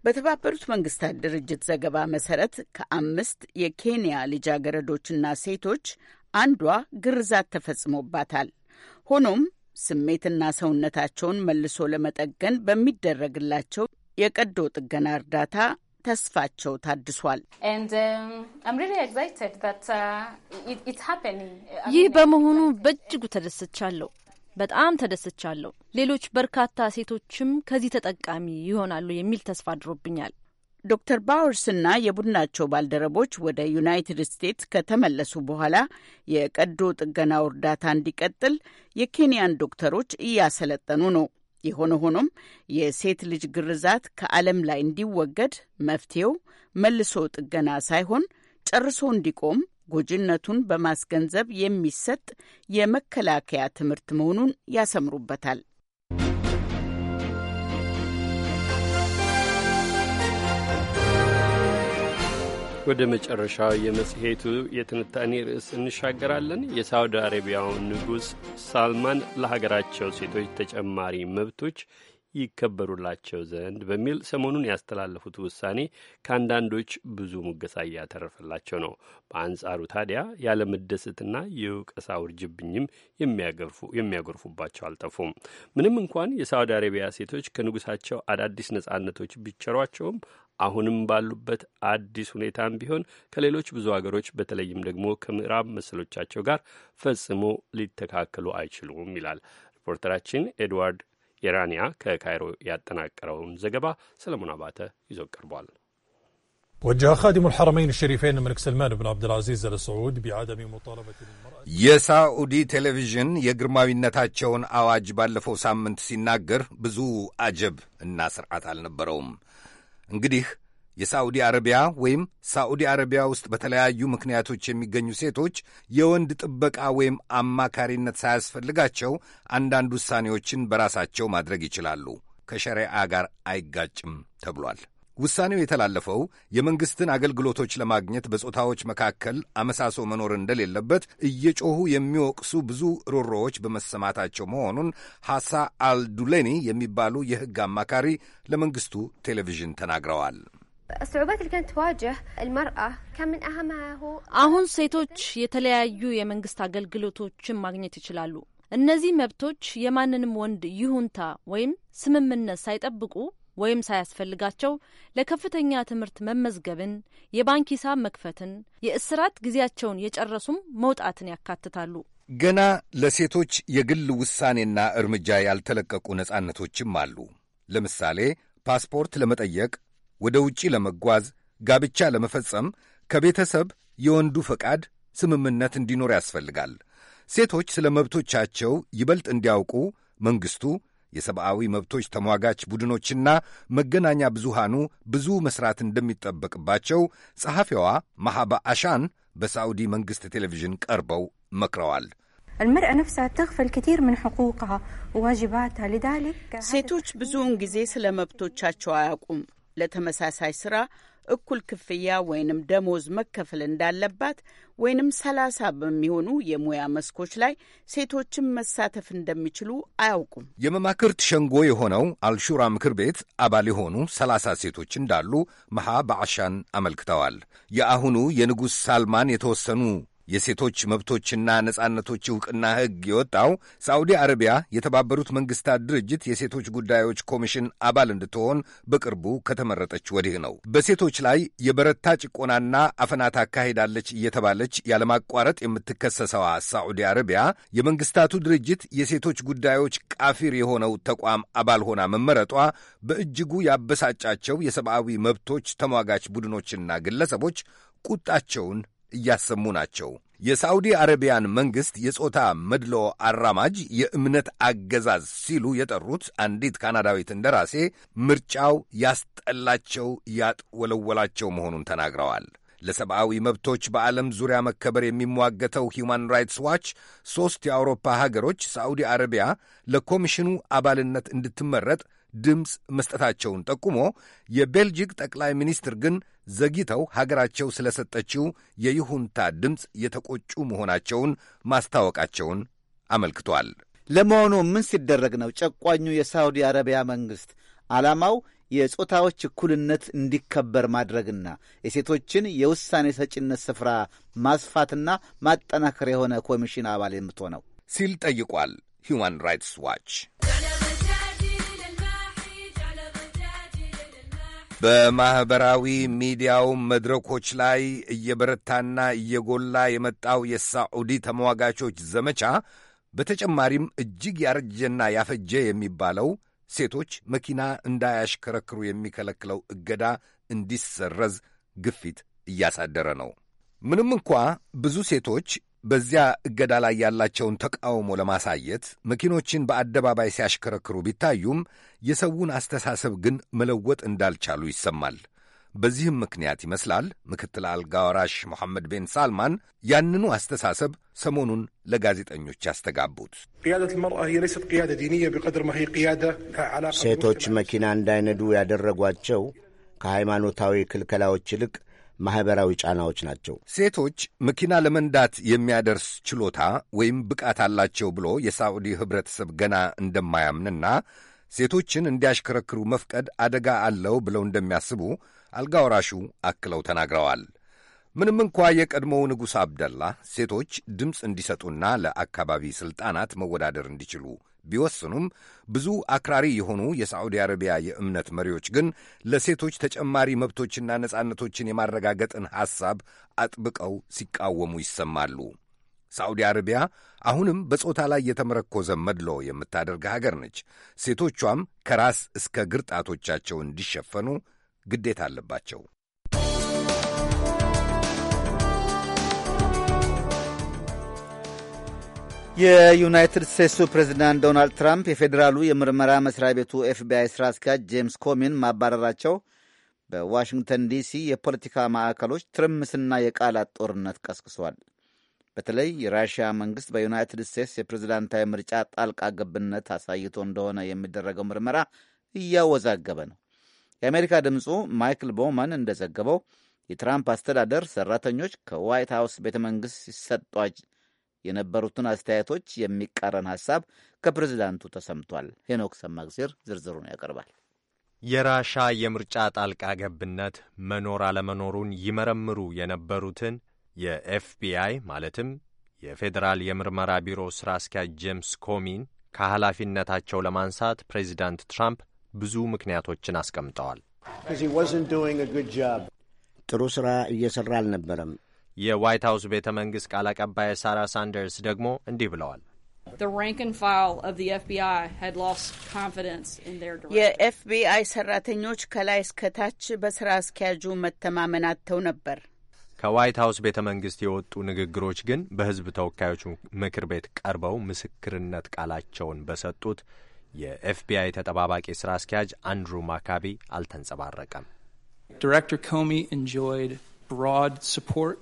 በተባበሩት መንግስታት ድርጅት ዘገባ መሰረት ከአምስት የኬንያ ልጃገረዶችና ሴቶች አንዷ ግርዛት ተፈጽሞባታል። ሆኖም ስሜትና ሰውነታቸውን መልሶ ለመጠገን በሚደረግላቸው የቀዶ ጥገና እርዳታ ተስፋቸው ታድሷል። um, uh, uh, ይህ በመሆኑ በእጅጉ ተደስቻለሁ። በጣም ተደስቻለሁ። ሌሎች በርካታ ሴቶችም ከዚህ ተጠቃሚ ይሆናሉ የሚል ተስፋ አድሮብኛል። ዶክተር ባወርስና የቡድናቸው ባልደረቦች ወደ ዩናይትድ ስቴትስ ከተመለሱ በኋላ የቀዶ ጥገናው እርዳታ እንዲቀጥል የኬንያን ዶክተሮች እያሰለጠኑ ነው። የሆነ ሆኖም የሴት ልጅ ግርዛት ከዓለም ላይ እንዲወገድ መፍትሄው መልሶ ጥገና ሳይሆን ጨርሶ እንዲቆም ጎጂነቱን በማስገንዘብ የሚሰጥ የመከላከያ ትምህርት መሆኑን ያሰምሩበታል። ወደ መጨረሻው የመጽሔቱ የትንታኔ ርዕስ እንሻገራለን። የሳውዲ አረቢያው ንጉሥ ሳልማን ለሀገራቸው ሴቶች ተጨማሪ መብቶች ይከበሩላቸው ዘንድ በሚል ሰሞኑን ያስተላለፉት ውሳኔ ከአንዳንዶች ብዙ ሙገሳ እያተረፈላቸው ነው። በአንጻሩ ታዲያ መደሰትና የውቀሳ ውርጅብኝም የሚያጎርፉባቸው አልጠፉም። ምንም እንኳን የሳውዲ አረቢያ ሴቶች ከንጉሳቸው አዳዲስ ነጻነቶች ቢቸሯቸውም አሁንም ባሉበት አዲስ ሁኔታም ቢሆን ከሌሎች ብዙ አገሮች በተለይም ደግሞ ከምዕራብ መሰሎቻቸው ጋር ፈጽሞ ሊተካከሉ አይችሉም ይላል ሪፖርተራችን ኤድዋርድ ኢራንያ ከካይሮ ያጠናቀረውን ዘገባ ሰለሞን አባተ ይዞ ቀርቧል። የሳዑዲ ቴሌቪዥን የግርማዊነታቸውን አዋጅ ባለፈው ሳምንት ሲናገር ብዙ አጀብ እና ስርዓት አልነበረውም። እንግዲህ የሳዑዲ አረቢያ ወይም ሳዑዲ አረቢያ ውስጥ በተለያዩ ምክንያቶች የሚገኙ ሴቶች የወንድ ጥበቃ ወይም አማካሪነት ሳያስፈልጋቸው አንዳንድ ውሳኔዎችን በራሳቸው ማድረግ ይችላሉ። ከሸሪዓ ጋር አይጋጭም ተብሏል። ውሳኔው የተላለፈው የመንግስትን አገልግሎቶች ለማግኘት በጾታዎች መካከል አመሳሶ መኖር እንደሌለበት እየጮሁ የሚወቅሱ ብዙ ሮሮዎች በመሰማታቸው መሆኑን ሐሳ አልዱሌኒ የሚባሉ የሕግ አማካሪ ለመንግስቱ ቴሌቪዥን ተናግረዋል። አሁን ሴቶች የተለያዩ የመንግስት አገልግሎቶችን ማግኘት ይችላሉ። እነዚህ መብቶች የማንንም ወንድ ይሁንታ ወይም ስምምነት ሳይጠብቁ ወይም ሳያስፈልጋቸው ለከፍተኛ ትምህርት መመዝገብን፣ የባንክ ሂሳብ መክፈትን፣ የእስራት ጊዜያቸውን የጨረሱም መውጣትን ያካትታሉ። ገና ለሴቶች የግል ውሳኔና እርምጃ ያልተለቀቁ ነጻነቶችም አሉ። ለምሳሌ ፓስፖርት ለመጠየቅ፣ ወደ ውጪ ለመጓዝ፣ ጋብቻ ለመፈጸም ከቤተሰብ የወንዱ ፈቃድ ስምምነት እንዲኖር ያስፈልጋል። ሴቶች ስለ መብቶቻቸው ይበልጥ እንዲያውቁ መንግሥቱ የሰብአዊ መብቶች ተሟጋች ቡድኖችና መገናኛ ብዙሃኑ ብዙ መስራት እንደሚጠበቅባቸው ጸሐፊዋ ማሃባ አሻን በሳዑዲ መንግሥት ቴሌቪዥን ቀርበው መክረዋል። ሴቶች ብዙውን ጊዜ ስለ መብቶቻቸው አያውቁም። ለተመሳሳይ ሥራ እኩል ክፍያ ወይንም ደሞዝ መከፈል እንዳለባት ወይንም ሰላሳ በሚሆኑ የሙያ መስኮች ላይ ሴቶችን መሳተፍ እንደሚችሉ አያውቁም። የመማክርት ሸንጎ የሆነው አልሹራ ምክር ቤት አባል የሆኑ ሰላሳ ሴቶች እንዳሉ መሃ በአሻን አመልክተዋል። የአሁኑ የንጉሥ ሳልማን የተወሰኑ የሴቶች መብቶችና ነጻነቶች ዕውቅና ሕግ የወጣው ሳዑዲ አረቢያ የተባበሩት መንግስታት ድርጅት የሴቶች ጉዳዮች ኮሚሽን አባል እንድትሆን በቅርቡ ከተመረጠች ወዲህ ነው። በሴቶች ላይ የበረታ ጭቆናና አፈና ታካሂዳለች እየተባለች ያለማቋረጥ የምትከሰሰዋ ሳዑዲ አረቢያ የመንግስታቱ ድርጅት የሴቶች ጉዳዮች ቃፊር የሆነው ተቋም አባል ሆና መመረጧ በእጅጉ ያበሳጫቸው የሰብአዊ መብቶች ተሟጋች ቡድኖችና ግለሰቦች ቁጣቸውን እያሰሙ ናቸው። የሳዑዲ አረቢያን መንግሥት የጾታ መድሎ አራማጅ የእምነት አገዛዝ ሲሉ የጠሩት አንዲት ካናዳዊት እንደራሴ ምርጫው ያስጠላቸው ያጥወለወላቸው መሆኑን ተናግረዋል። ለሰብአዊ መብቶች በዓለም ዙሪያ መከበር የሚሟገተው ሂውማን ራይትስ ዋች ሦስት የአውሮፓ ሀገሮች ሳዑዲ አረቢያ ለኮሚሽኑ አባልነት እንድትመረጥ ድምፅ መስጠታቸውን ጠቁሞ የቤልጂክ ጠቅላይ ሚኒስትር ግን ዘግይተው ሀገራቸው ስለሰጠችው የይሁንታ ድምፅ የተቆጩ መሆናቸውን ማስታወቃቸውን አመልክቷል። ለመሆኑ ምን ሲደረግ ነው ጨቋኙ የሳውዲ አረቢያ መንግሥት ዓላማው የጾታዎች እኩልነት እንዲከበር ማድረግና የሴቶችን የውሳኔ ሰጪነት ስፍራ ማስፋትና ማጠናከር የሆነ ኮሚሽን አባል የምትሆነው ሲል ጠይቋል። ሁማን ራይትስ ዋች በማኅበራዊ ሚዲያው መድረኮች ላይ እየበረታና እየጎላ የመጣው የሳዑዲ ተሟጋቾች ዘመቻ በተጨማሪም እጅግ ያረጀና ያፈጀ የሚባለው ሴቶች መኪና እንዳያሽከረክሩ የሚከለክለው እገዳ እንዲሰረዝ ግፊት እያሳደረ ነው። ምንም እንኳ ብዙ ሴቶች በዚያ እገዳ ላይ ያላቸውን ተቃውሞ ለማሳየት መኪኖችን በአደባባይ ሲያሽከረክሩ ቢታዩም የሰውን አስተሳሰብ ግን መለወጥ እንዳልቻሉ ይሰማል። በዚህም ምክንያት ይመስላል ምክትል አልጋ ወራሽ መሐመድ ቤን ሳልማን ያንኑ አስተሳሰብ ሰሞኑን ለጋዜጠኞች ያስተጋቡት። ሴቶች መኪና እንዳይነዱ ያደረጓቸው ከሃይማኖታዊ ክልከላዎች ይልቅ ማኅበራዊ ጫናዎች ናቸው። ሴቶች መኪና ለመንዳት የሚያደርስ ችሎታ ወይም ብቃት አላቸው ብሎ የሳዑዲ ኅብረተሰብ ገና እንደማያምንና ሴቶችን እንዲያሽከረክሩ መፍቀድ አደጋ አለው ብለው እንደሚያስቡ አልጋ ወራሹ አክለው ተናግረዋል። ምንም እንኳ የቀድሞው ንጉሥ አብደላ ሴቶች ድምፅ እንዲሰጡና ለአካባቢ ሥልጣናት መወዳደር እንዲችሉ ቢወስኑም ብዙ አክራሪ የሆኑ የሳዑዲ አረቢያ የእምነት መሪዎች ግን ለሴቶች ተጨማሪ መብቶችና ነጻነቶችን የማረጋገጥን ሐሳብ አጥብቀው ሲቃወሙ ይሰማሉ። ሳዑዲ አረቢያ አሁንም በጾታ ላይ የተመረኮዘ መድሎ የምታደርግ ሀገር ነች። ሴቶቿም ከራስ እስከ ግርጣቶቻቸው እንዲሸፈኑ ግዴታ አለባቸው። የዩናይትድ ስቴትሱ ፕሬዚዳንት ዶናልድ ትራምፕ የፌዴራሉ የምርመራ መስሪያ ቤቱ ኤፍቢአይ ስራ አስኪያጅ ጄምስ ኮሚን ማባረራቸው በዋሽንግተን ዲሲ የፖለቲካ ማዕከሎች ትርምስና የቃላት ጦርነት ቀስቅሷል። በተለይ የራሽያ መንግስት በዩናይትድ ስቴትስ የፕሬዝዳንታዊ ምርጫ ጣልቃ ገብነት አሳይቶ እንደሆነ የሚደረገው ምርመራ እያወዛገበ ነው። የአሜሪካ ድምፁ ማይክል ቦውማን እንደዘገበው የትራምፕ አስተዳደር ሰራተኞች ከዋይት ሀውስ ቤተ መንግስት ሲሰጧቸው የነበሩትን አስተያየቶች የሚቃረን ሀሳብ ከፕሬዚዳንቱ ተሰምቷል። ሄኖክ ሰማግዜር ዝርዝሩን ያቀርባል። የራሻ የምርጫ ጣልቃ ገብነት መኖር አለመኖሩን ይመረምሩ የነበሩትን የኤፍቢአይ ማለትም የፌዴራል የምርመራ ቢሮ ሥራ አስኪያጅ ጄምስ ኮሚን ከኃላፊነታቸው ለማንሳት ፕሬዚዳንት ትራምፕ ብዙ ምክንያቶችን አስቀምጠዋል። ጥሩ ሥራ እየሠራ አልነበረም። የዋይት ሀውስ ቤተ መንግስት ቃል አቀባይ ሳራ ሳንደርስ ደግሞ እንዲህ ብለዋል። የኤፍቢአይ ሰራተኞች ከላይ እስከታች በስራ አስኪያጁ መተማመን አጥተው ነበር። ከዋይት ሀውስ ቤተ መንግስት የወጡ ንግግሮች ግን በህዝብ ተወካዮች ምክር ቤት ቀርበው ምስክርነት ቃላቸውን በሰጡት የኤፍቢአይ ተጠባባቂ ስራ አስኪያጅ አንድሩ ማካቢ አልተንጸባረቀም። ዲሬክተር ኮሚ enjoyed ብሮድ support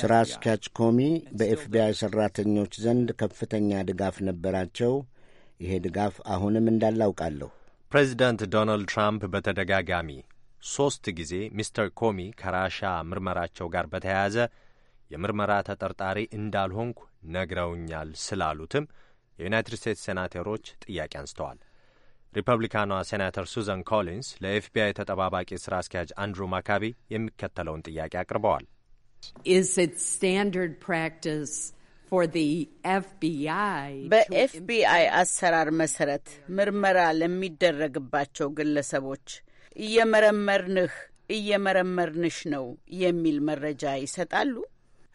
ስራ አስኪያጅ ኮሚ በኤፍቢአይ ሠራተኞች ዘንድ ከፍተኛ ድጋፍ ነበራቸው። ይሄ ድጋፍ አሁንም እንዳላውቃለሁ። ፕሬዚዳንት ዶናልድ ትራምፕ በተደጋጋሚ ሦስት ጊዜ ሚስተር ኮሚ ከራሻ ምርመራቸው ጋር በተያያዘ የምርመራ ተጠርጣሪ እንዳልሆንኩ ነግረውኛል ስላሉትም የዩናይትድ ስቴትስ ሴናተሮች ጥያቄ አንስተዋል። ሪፐብሊካኗ ሴናተር ሱዘን ኮሊንስ ለኤፍቢአይ ተጠባባቂ ሥራ አስኪያጅ አንድሩ ማካቢ የሚከተለውን ጥያቄ አቅርበዋል። በኤፍቢአይ አሰራር መሰረት ምርመራ ለሚደረግባቸው ግለሰቦች እየመረመርንህ እየመረመርንሽ ነው የሚል መረጃ ይሰጣሉ።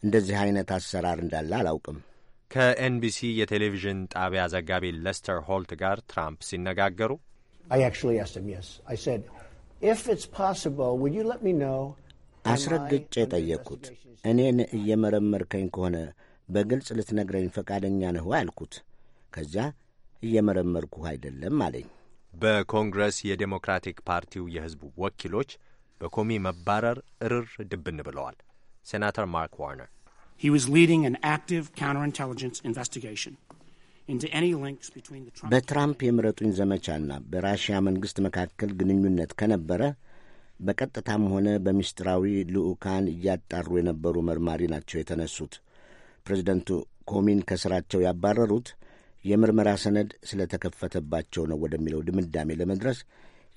እንደዚህ አይነት አሰራር እንዳለ አላውቅም። ከኤንቢሲ የቴሌቪዥን ጣቢያ ዘጋቢ ለስተር ሆልት ጋር ትራምፕ ሲነጋገሩ አስረግጬ ጠየቅኩት። እኔን እየመረመርከኝ ከሆነ በግልጽ ልትነግረኝ ፈቃደኛ ነህ አልኩት። ከዚያ እየመረመርኩህ አይደለም አለኝ። በኮንግረስ የዴሞክራቲክ ፓርቲው የሕዝቡ ወኪሎች በኮሚ መባረር እርር ድብን ብለዋል። ሴናተር ማርክ ዋርነር በትራምፕ የምረጡኝ ዘመቻና በራሽያ መንግሥት መካከል ግንኙነት ከነበረ በቀጥታም ሆነ በምስጢራዊ ልዑካን እያጣሩ የነበሩ መርማሪ ናቸው የተነሱት። ፕሬዚደንቱ ኮሚን ከስራቸው ያባረሩት የምርመራ ሰነድ ስለተከፈተባቸው ነው ወደሚለው ድምዳሜ ለመድረስ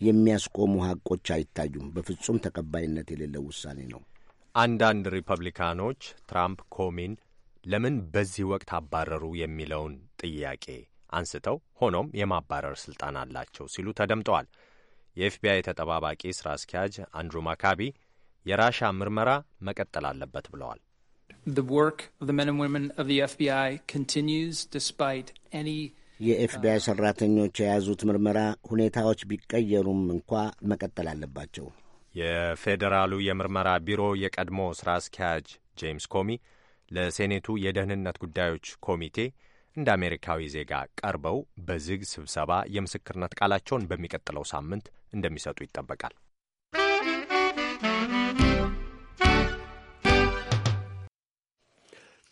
የሚያስቆሙ ሀቆች አይታዩም። በፍጹም ተቀባይነት የሌለው ውሳኔ ነው። አንዳንድ ሪፐብሊካኖች ትራምፕ ኮሚን ለምን በዚህ ወቅት አባረሩ የሚለውን ጥያቄ አንስተው ሆኖም የማባረር ስልጣን አላቸው ሲሉ ተደምጠዋል። የኤፍቢአይ ተጠባባቂ ስራ አስኪያጅ አንድሩ ማካቢ የራሻ ምርመራ መቀጠል አለበት ብለዋል። የኤፍቢአይ ሰራተኞች የያዙት ምርመራ ሁኔታዎች ቢቀየሩም እንኳ መቀጠል አለባቸው። የፌዴራሉ የምርመራ ቢሮ የቀድሞ ስራ አስኪያጅ ጄምስ ኮሚ ለሴኔቱ የደህንነት ጉዳዮች ኮሚቴ እንደ አሜሪካዊ ዜጋ ቀርበው በዝግ ስብሰባ የምስክርነት ቃላቸውን በሚቀጥለው ሳምንት እንደሚሰጡ ይጠበቃል።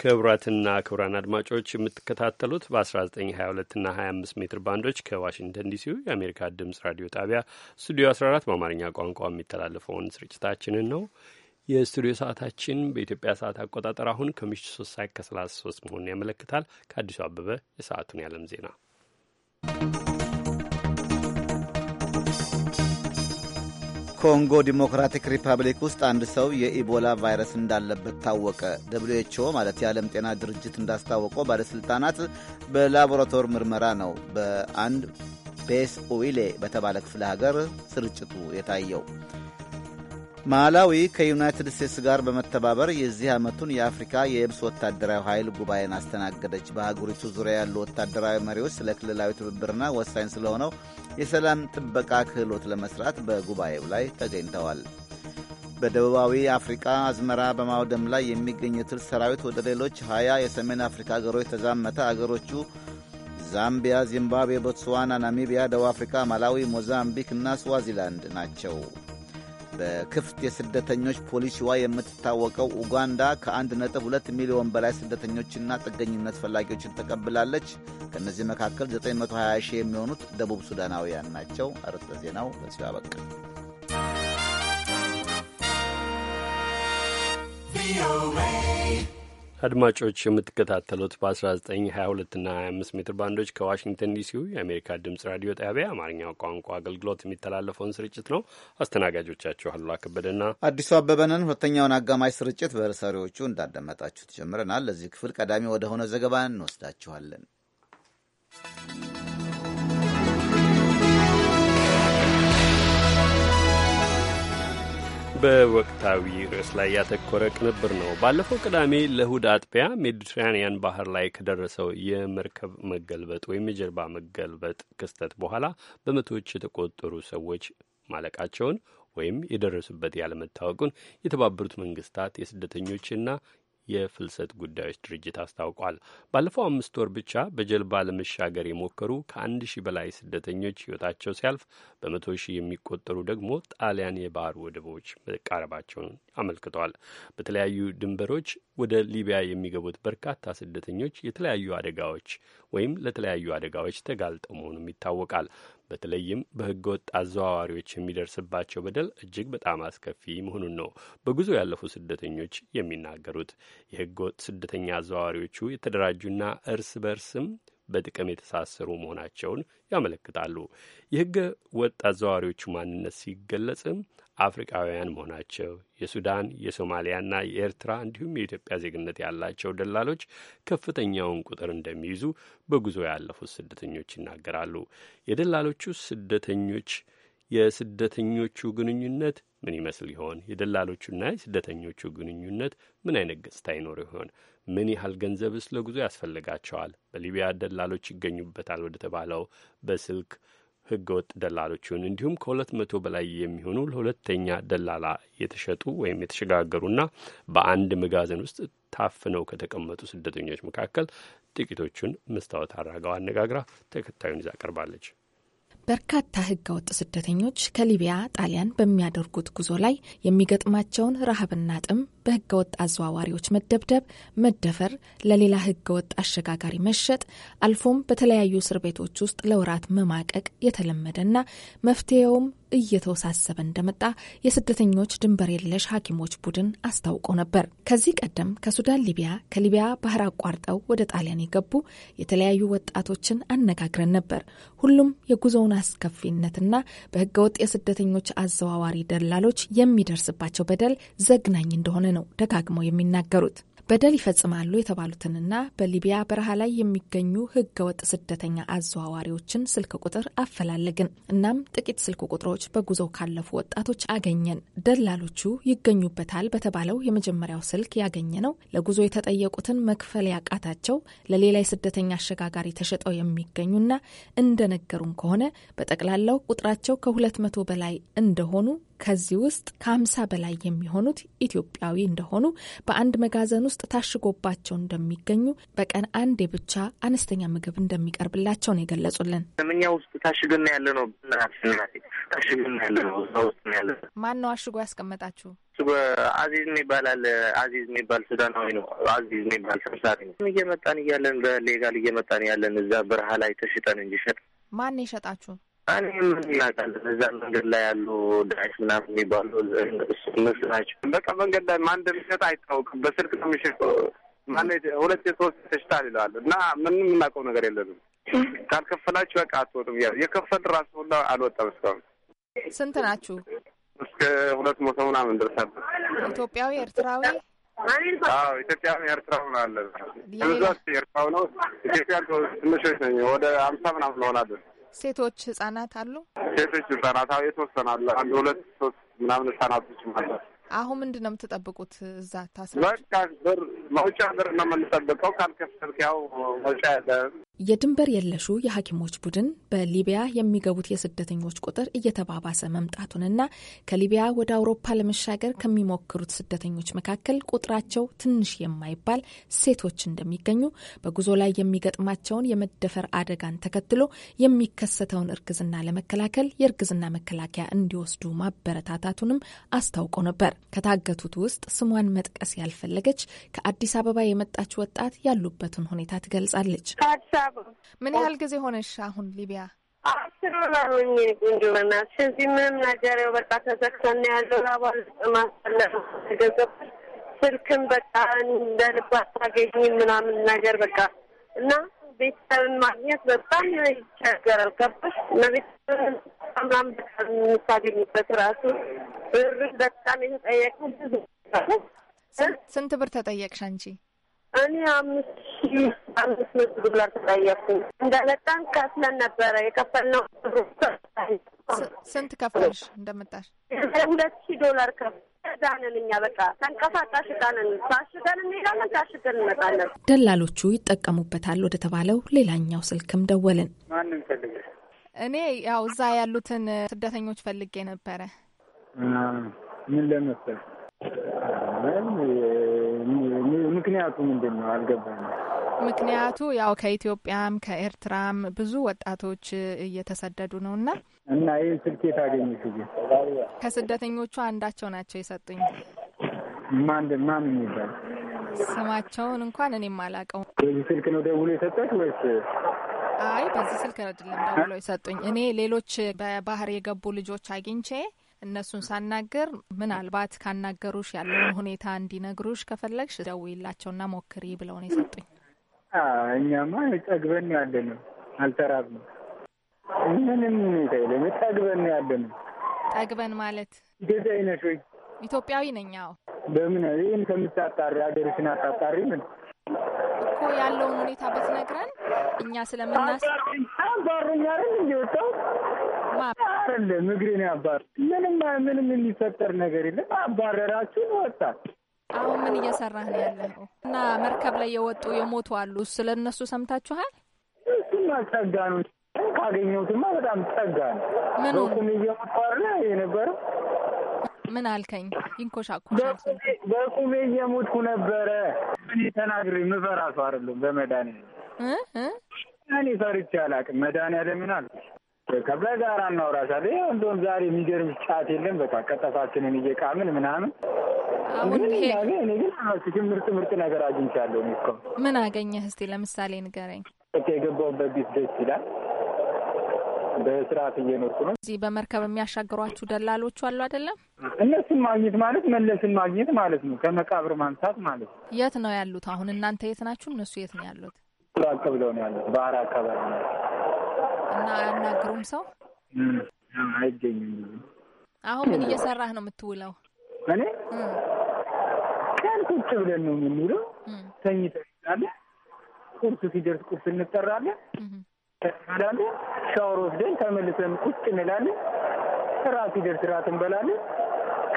ክቡራትና ክቡራን አድማጮች የምትከታተሉት በ1922 እና 25 ሜትር ባንዶች ከዋሽንግተን ዲሲው የአሜሪካ ድምፅ ራዲዮ ጣቢያ ስቱዲዮ 14 በአማርኛ ቋንቋ የሚተላለፈውን ስርጭታችንን ነው። የስቱዲዮ ሰዓታችን በኢትዮጵያ ሰዓት አቆጣጠር አሁን ከምሽቱ ሶስት ሰዓት ከሰላሳ ሶስት መሆኑን ያመለክታል። ከአዲሱ አበበ የሰዓቱን ያለም ዜና። ኮንጎ ዲሞክራቲክ ሪፐብሊክ ውስጥ አንድ ሰው የኢቦላ ቫይረስ እንዳለበት ታወቀ። ደብሊው ኤች ኦ ማለት የዓለም ጤና ድርጅት እንዳስታወቀው ባለሥልጣናት በላቦራቶር ምርመራ ነው በአንድ ቤስ ኦዊሌ በተባለ ክፍለ ሀገር ስርጭቱ የታየው። ማላዊ ከዩናይትድ ስቴትስ ጋር በመተባበር የዚህ ዓመቱን የአፍሪካ የየብስ ወታደራዊ ኃይል ጉባኤን አስተናገደች። በአህጉሪቱ ዙሪያ ያሉ ወታደራዊ መሪዎች ስለ ክልላዊ ትብብርና ወሳኝ ስለሆነው የሰላም ጥበቃ ክህሎት ለመስራት በጉባኤው ላይ ተገኝተዋል። በደቡባዊ አፍሪካ አዝመራ በማውደም ላይ የሚገኝ የትል ሰራዊት ወደ ሌሎች ሀያ የሰሜን አፍሪካ አገሮች ተዛመተ። አገሮቹ ዛምቢያ፣ ዚምባብዌ፣ ቦትስዋና፣ ናሚቢያ፣ ደቡብ አፍሪካ፣ ማላዊ፣ ሞዛምቢክ እና ስዋዚላንድ ናቸው። በክፍት የስደተኞች ፖሊሲዋ የምትታወቀው ኡጋንዳ ከ1.2 ሚሊዮን በላይ ስደተኞችና ጥገኝነት ፈላጊዎችን ተቀብላለች። ከእነዚህ መካከል 920 ሺህ የሚሆኑት ደቡብ ሱዳናውያን ናቸው። አርዕስተ ዜናው በዚሁ አበቃ። ቪኦኤ አድማጮች የምትከታተሉት በ1922 እና 25 ሜትር ባንዶች ከዋሽንግተን ዲሲው የአሜሪካ ድምጽ ራዲዮ ጣቢያ አማርኛ ቋንቋ አገልግሎት የሚተላለፈውን ስርጭት ነው። አስተናጋጆቻችሁ አሉላ ከበደና አዲሱ አበበንን ሁለተኛውን አጋማሽ ስርጭት በርሰሪዎቹ እንዳዳመጣችሁ ጀምረናል። ለዚህ ክፍል ቀዳሚ ወደ ሆነ ዘገባ እንወስዳችኋለን። በወቅታዊ ርዕስ ላይ ያተኮረ ቅንብር ነው። ባለፈው ቅዳሜ ለእሁድ አጥቢያ ሜዲትራኒያን ባህር ላይ ከደረሰው የመርከብ መገልበጥ ወይም የጀልባ መገልበጥ ክስተት በኋላ በመቶዎች የተቆጠሩ ሰዎች ማለቃቸውን ወይም የደረሱበት ያለመታወቁን የተባበሩት መንግስታት የስደተኞችና የፍልሰት ጉዳዮች ድርጅት አስታውቋል። ባለፈው አምስት ወር ብቻ በጀልባ ለመሻገር የሞከሩ ከአንድ ሺህ በላይ ስደተኞች ሕይወታቸው ሲያልፍ በመቶ ሺህ የሚቆጠሩ ደግሞ ጣሊያን የባህር ወደቦች መቃረባቸውን አመልክቷል። በተለያዩ ድንበሮች ወደ ሊቢያ የሚገቡት በርካታ ስደተኞች የተለያዩ አደጋዎች ወይም ለተለያዩ አደጋዎች ተጋልጠው መሆኑም ይታወቃል። በተለይም በህገ ወጥ አዘዋዋሪዎች የሚደርስባቸው በደል እጅግ በጣም አስከፊ መሆኑን ነው በጉዞ ያለፉ ስደተኞች የሚናገሩት። የህገ ወጥ ስደተኛ አዘዋዋሪዎቹ የተደራጁና እርስ በርስም በጥቅም የተሳሰሩ መሆናቸውን ያመለክታሉ። የህገ ወጥ አዘዋዋሪዎቹ ማንነት ሲገለጽም አፍሪካውያን መሆናቸው የሱዳን የሶማሊያና የኤርትራ እንዲሁም የኢትዮጵያ ዜግነት ያላቸው ደላሎች ከፍተኛውን ቁጥር እንደሚይዙ በጉዞ ያለፉት ስደተኞች ይናገራሉ። የደላሎቹ ስደተኞች የስደተኞቹ ግንኙነት ምን ይመስል ይሆን? የደላሎቹና የስደተኞቹ ግንኙነት ምን አይነት ገጽታ ይኖረው ይሆን? ምን ያህል ገንዘብስ ለጉዞ ያስፈልጋቸዋል? በሊቢያ ደላሎች ይገኙበታል ወደ ተባለው በስልክ ህገወጥ ደላሎችን እንዲሁም ከሁለት መቶ በላይ የሚሆኑ ለሁለተኛ ደላላ የተሸጡ ወይም የተሸጋገሩና በአንድ መጋዘን ውስጥ ታፍነው ከተቀመጡ ስደተኞች መካከል ጥቂቶቹን መስታወት አድራጋው አነጋግራ ተከታዩን ይዛ ቀርባለች። በርካታ ህገወጥ ስደተኞች ከሊቢያ ጣሊያን በሚያደርጉት ጉዞ ላይ የሚገጥማቸውን ረሃብና ጥም በህገወጥ አዘዋዋሪዎች መደብደብ፣ መደፈር፣ ለሌላ ህገወጥ አሸጋጋሪ መሸጥ፣ አልፎም በተለያዩ እስር ቤቶች ውስጥ ለወራት መማቀቅ የተለመደና መፍትሄውም እየተወሳሰበ እንደመጣ የስደተኞች ድንበር የለሽ ሐኪሞች ቡድን አስታውቆ ነበር። ከዚህ ቀደም ከሱዳን ሊቢያ፣ ከሊቢያ ባህር አቋርጠው ወደ ጣሊያን የገቡ የተለያዩ ወጣቶችን አነጋግረን ነበር። ሁሉም የጉዞውን አስከፊነትና በህገወጥ የስደተኞች አዘዋዋሪ ደላሎች የሚደርስባቸው በደል ዘግናኝ እንደሆነ ነው ደጋግመው የሚናገሩት። በደል ይፈጽማሉ የተባሉትንና በሊቢያ በረሃ ላይ የሚገኙ ህገ ወጥ ስደተኛ አዘዋዋሪዎችን ስልክ ቁጥር አፈላለግን። እናም ጥቂት ስልክ ቁጥሮች በጉዞ ካለፉ ወጣቶች አገኘን። ደላሎቹ ይገኙበታል በተባለው የመጀመሪያው ስልክ ያገኘ ነው ለጉዞ የተጠየቁትን መክፈል ያቃታቸው ለሌላ የስደተኛ አሸጋጋሪ ተሸጠው የሚገኙና እንደነገሩን ከሆነ በጠቅላላው ቁጥራቸው ከሁለት መቶ በላይ እንደሆኑ ከዚህ ውስጥ ከ ከሀምሳ በላይ የሚሆኑት ኢትዮጵያዊ እንደሆኑ በአንድ መጋዘን ውስጥ ታሽጎባቸው እንደሚገኙ በቀን አንዴ ብቻ አነስተኛ ምግብ እንደሚቀርብላቸው ነው የገለጹልን። እኛ ውስጥ ታሽግና ያለ ነው ታሽግና ያለ ነው ውስጥ ያለ ማን ነው አሽጎ ያስቀመጣችሁ? አዚዝ ይባላል። አዚዝ የሚባል ሱዳናዊ ነው። አዚዝ የሚባል ሰብሳቢ ነው። እየመጣን እያለን በሌጋል እየመጣን ያለን እዛ በረሃ ላይ ተሽጠን እንጂ ሸጥ ማን ነው የሸጣችሁ? እኔ ምን ይላቃል እዛ መንገድ ላይ ያሉ ዳሽ ምናምን የሚባሉ እነሱ ናቸው። በቃ መንገድ ላይ ማን እንደሚሸጥ አይታወቅም። በስልክ ነው የሚሸጠው። ማለት ሁለት የሶስት ተሽታል ይለዋል እና ምንም የምናውቀው ነገር የለንም። ካልከፈላችሁ በቃ አትወጡም። ያ የከፈል ራሱ ሁላ አልወጣም እስካሁን። ስንት ናችሁ? እስከ ሁለት መቶ ምናምን ደርሳል። ኢትዮጵያዊ ኤርትራዊ? አዎ ኢትዮጵያዊ ኤርትራዊ ነው አለ። ብዙ ኤርትራ ሆነው ኢትዮጵያ ትንሾች ነኝ ወደ አምሳ ምናምን እንሆናለን ሴቶች ህጻናት አሉ። ሴቶች ህጻናት የተወሰናለ አንድ ሁለት ሶስት ምናምን ህጻናቶች አለ። አሁን ምንድን ነው የምትጠብቁት? እዛ ታስራ በቃ ብር መውጫ ብር ነው የምንጠብቀው። ካልከፈልክ ያው መውጫ ያለ የድንበር የለሹ የሐኪሞች ቡድን በሊቢያ የሚገቡት የስደተኞች ቁጥር እየተባባሰ መምጣቱንና ከሊቢያ ወደ አውሮፓ ለመሻገር ከሚሞክሩት ስደተኞች መካከል ቁጥራቸው ትንሽ የማይባል ሴቶች እንደሚገኙ በጉዞ ላይ የሚገጥማቸውን የመደፈር አደጋን ተከትሎ የሚከሰተውን እርግዝና ለመከላከል የእርግዝና መከላከያ እንዲወስዱ ማበረታታቱንም አስታውቆ ነበር። ከታገቱት ውስጥ ስሟን መጥቀስ ያልፈለገች ከአዲስ አበባ የመጣች ወጣት ያሉበትን ሁኔታ ትገልጻለች። ምን ያህል ጊዜ ሆነሽ አሁን ሊቢያ? አስር ወር ሆኜ ቆንጆ በእናትሽ። እዚህ ምንም ነገር ያው በቃ ተዘግተን ያለው አባል ማስፈለ ገንዘብ ስልክም በቃ እንደልባት ታገኝ ምናምን ነገር በቃ እና ቤተሰብን ማግኘት በጣም ይቸገራል። ገባሽ? ለቤተሰብን በጣም የምታገኝበት ራሱ ብር በጣም የተጠየቀ ብዙ። ስንት ብር ተጠየቅሽ አንቺ? እኔ አምስት ሺ አምስት መቶ ዶላር ተጠየቅኩ። እንደመጣን ከፍለን ነበረ የከፈልነው። ስንት ከፈልሽ እንደመጣሽ? ሁለት ሺ ዶላር ከፍ እዳንን እኛ በቃ ተንቀሳቃሽ እዳንን ታሽገን እንሄዳለን፣ ታሽገን እንመጣለን። ደላሎቹ ይጠቀሙበታል ወደ ተባለው ሌላኛው ስልክም ደወልን። እኔ ያው እዛ ያሉትን ስደተኞች ፈልጌ ነበረ። ምን ለመሰል ምክንያቱ ምንድን ነው አልገባኝም። ምክንያቱ ያው ከኢትዮጵያም ከኤርትራም ብዙ ወጣቶች እየተሰደዱ ነው እና እና ይህ ስልኬት ጊዜ ከስደተኞቹ አንዳቸው ናቸው የሰጡኝ። ማን ማን ይባል ስማቸውን እንኳን እኔም አላውቀውም። በዚህ ስልክ ነው ደውሎ የሰጠች ወይስ? አይ በዚህ ስልክ አይደለም ደውሎ የሰጡኝ። እኔ ሌሎች በባህር የገቡ ልጆች አግኝቼ እነሱን ሳናገር ምናልባት ካናገሩሽ ያለውን ሁኔታ እንዲነግሩሽ ከፈለግሽ ደውይላቸውና ሞክሪ ብለው ነው የሰጡኝ። እኛማ ጠግበን ያለ ነው፣ አልተራብንም። ምንም ሁኔታ ጠግበን ያለ ነው። ጠግበን ማለት ኢትዮጵያዊ ነሽ ወይ? ኢትዮጵያዊ ነኝ። አዎ። በምን ይህን ከምታጣሪ ሀገርሽን አጣጣሪ። ምን እኮ ያለውን ሁኔታ ብትነግረን እኛ ስለምናስ አባሩኝ አይደል እንዲወጣው አለ ምግሬን ያባር ምንም ምንም የሚፈጠር ነገር የለም። አባረራችሁን ወጣ አሁን ምን እየሰራህ ነው ያለ እና መርከብ ላይ የወጡ የሞቱ አሉ። ስለ እነሱ ሰምታችኋል? እሱማ ጸጋ ነው ካገኘሁትማ በጣም ጸጋ ነው። ምን በቁም እየሞቱ የነበረ ምን አልከኝ? ይንኮሻኩ በቁሜ እየሞትኩ ነበረ። እኔ ተናግሬ የምፈራ ሰው አይደለሁም። በመድኃኒዓለም እኔ ፈርቼ አላውቅም። ያለምን አልኩሽ። ከብላይ ጋር እናወራሻለን። ይኸው እንደውም ዛሬ የሚገርምሽ ጫት የለም። በቃ ቀጠፋችንን እየቃምን ምናምን አሁን እኔ ግን ምርጥ ምርጥ ነገር አግኝቻለሁ። እኔ እኮ ምን አገኘህ? እስቲ ለምሳሌ ንገረኝ። የገባሁበት ቤት ደስ ይላል። በስርዓት እየኖርኩ ነው። እዚህ በመርከብ የሚያሻግሯችሁ ደላሎቹ አሉ አይደለም? እነሱን ማግኘት ማለት መለስን ማግኘት ማለት ነው። ከመቃብር ማንሳት ማለት ነው። የት ነው ያሉት? አሁን እናንተ የት ናችሁ? እነሱ የት ነው ያሉት? ራቅ ብለው ነው ያሉት። ባህር አካባቢ እና አያናግሩም። ሰው አይገኝም። አሁን ምን እየሰራህ ነው የምትውለው? እኔ ቀን ቁጭ ብለን ነው የምንውለው። ተኝተ እንላለን። ቁርስ ሲደርስ ቁርስ እንጠራለን፣ እንበላለን። ሻወር ወስደን ተመልሰን ቁጭ እንላለን። እራት ሲደርስ ራት እንበላለን።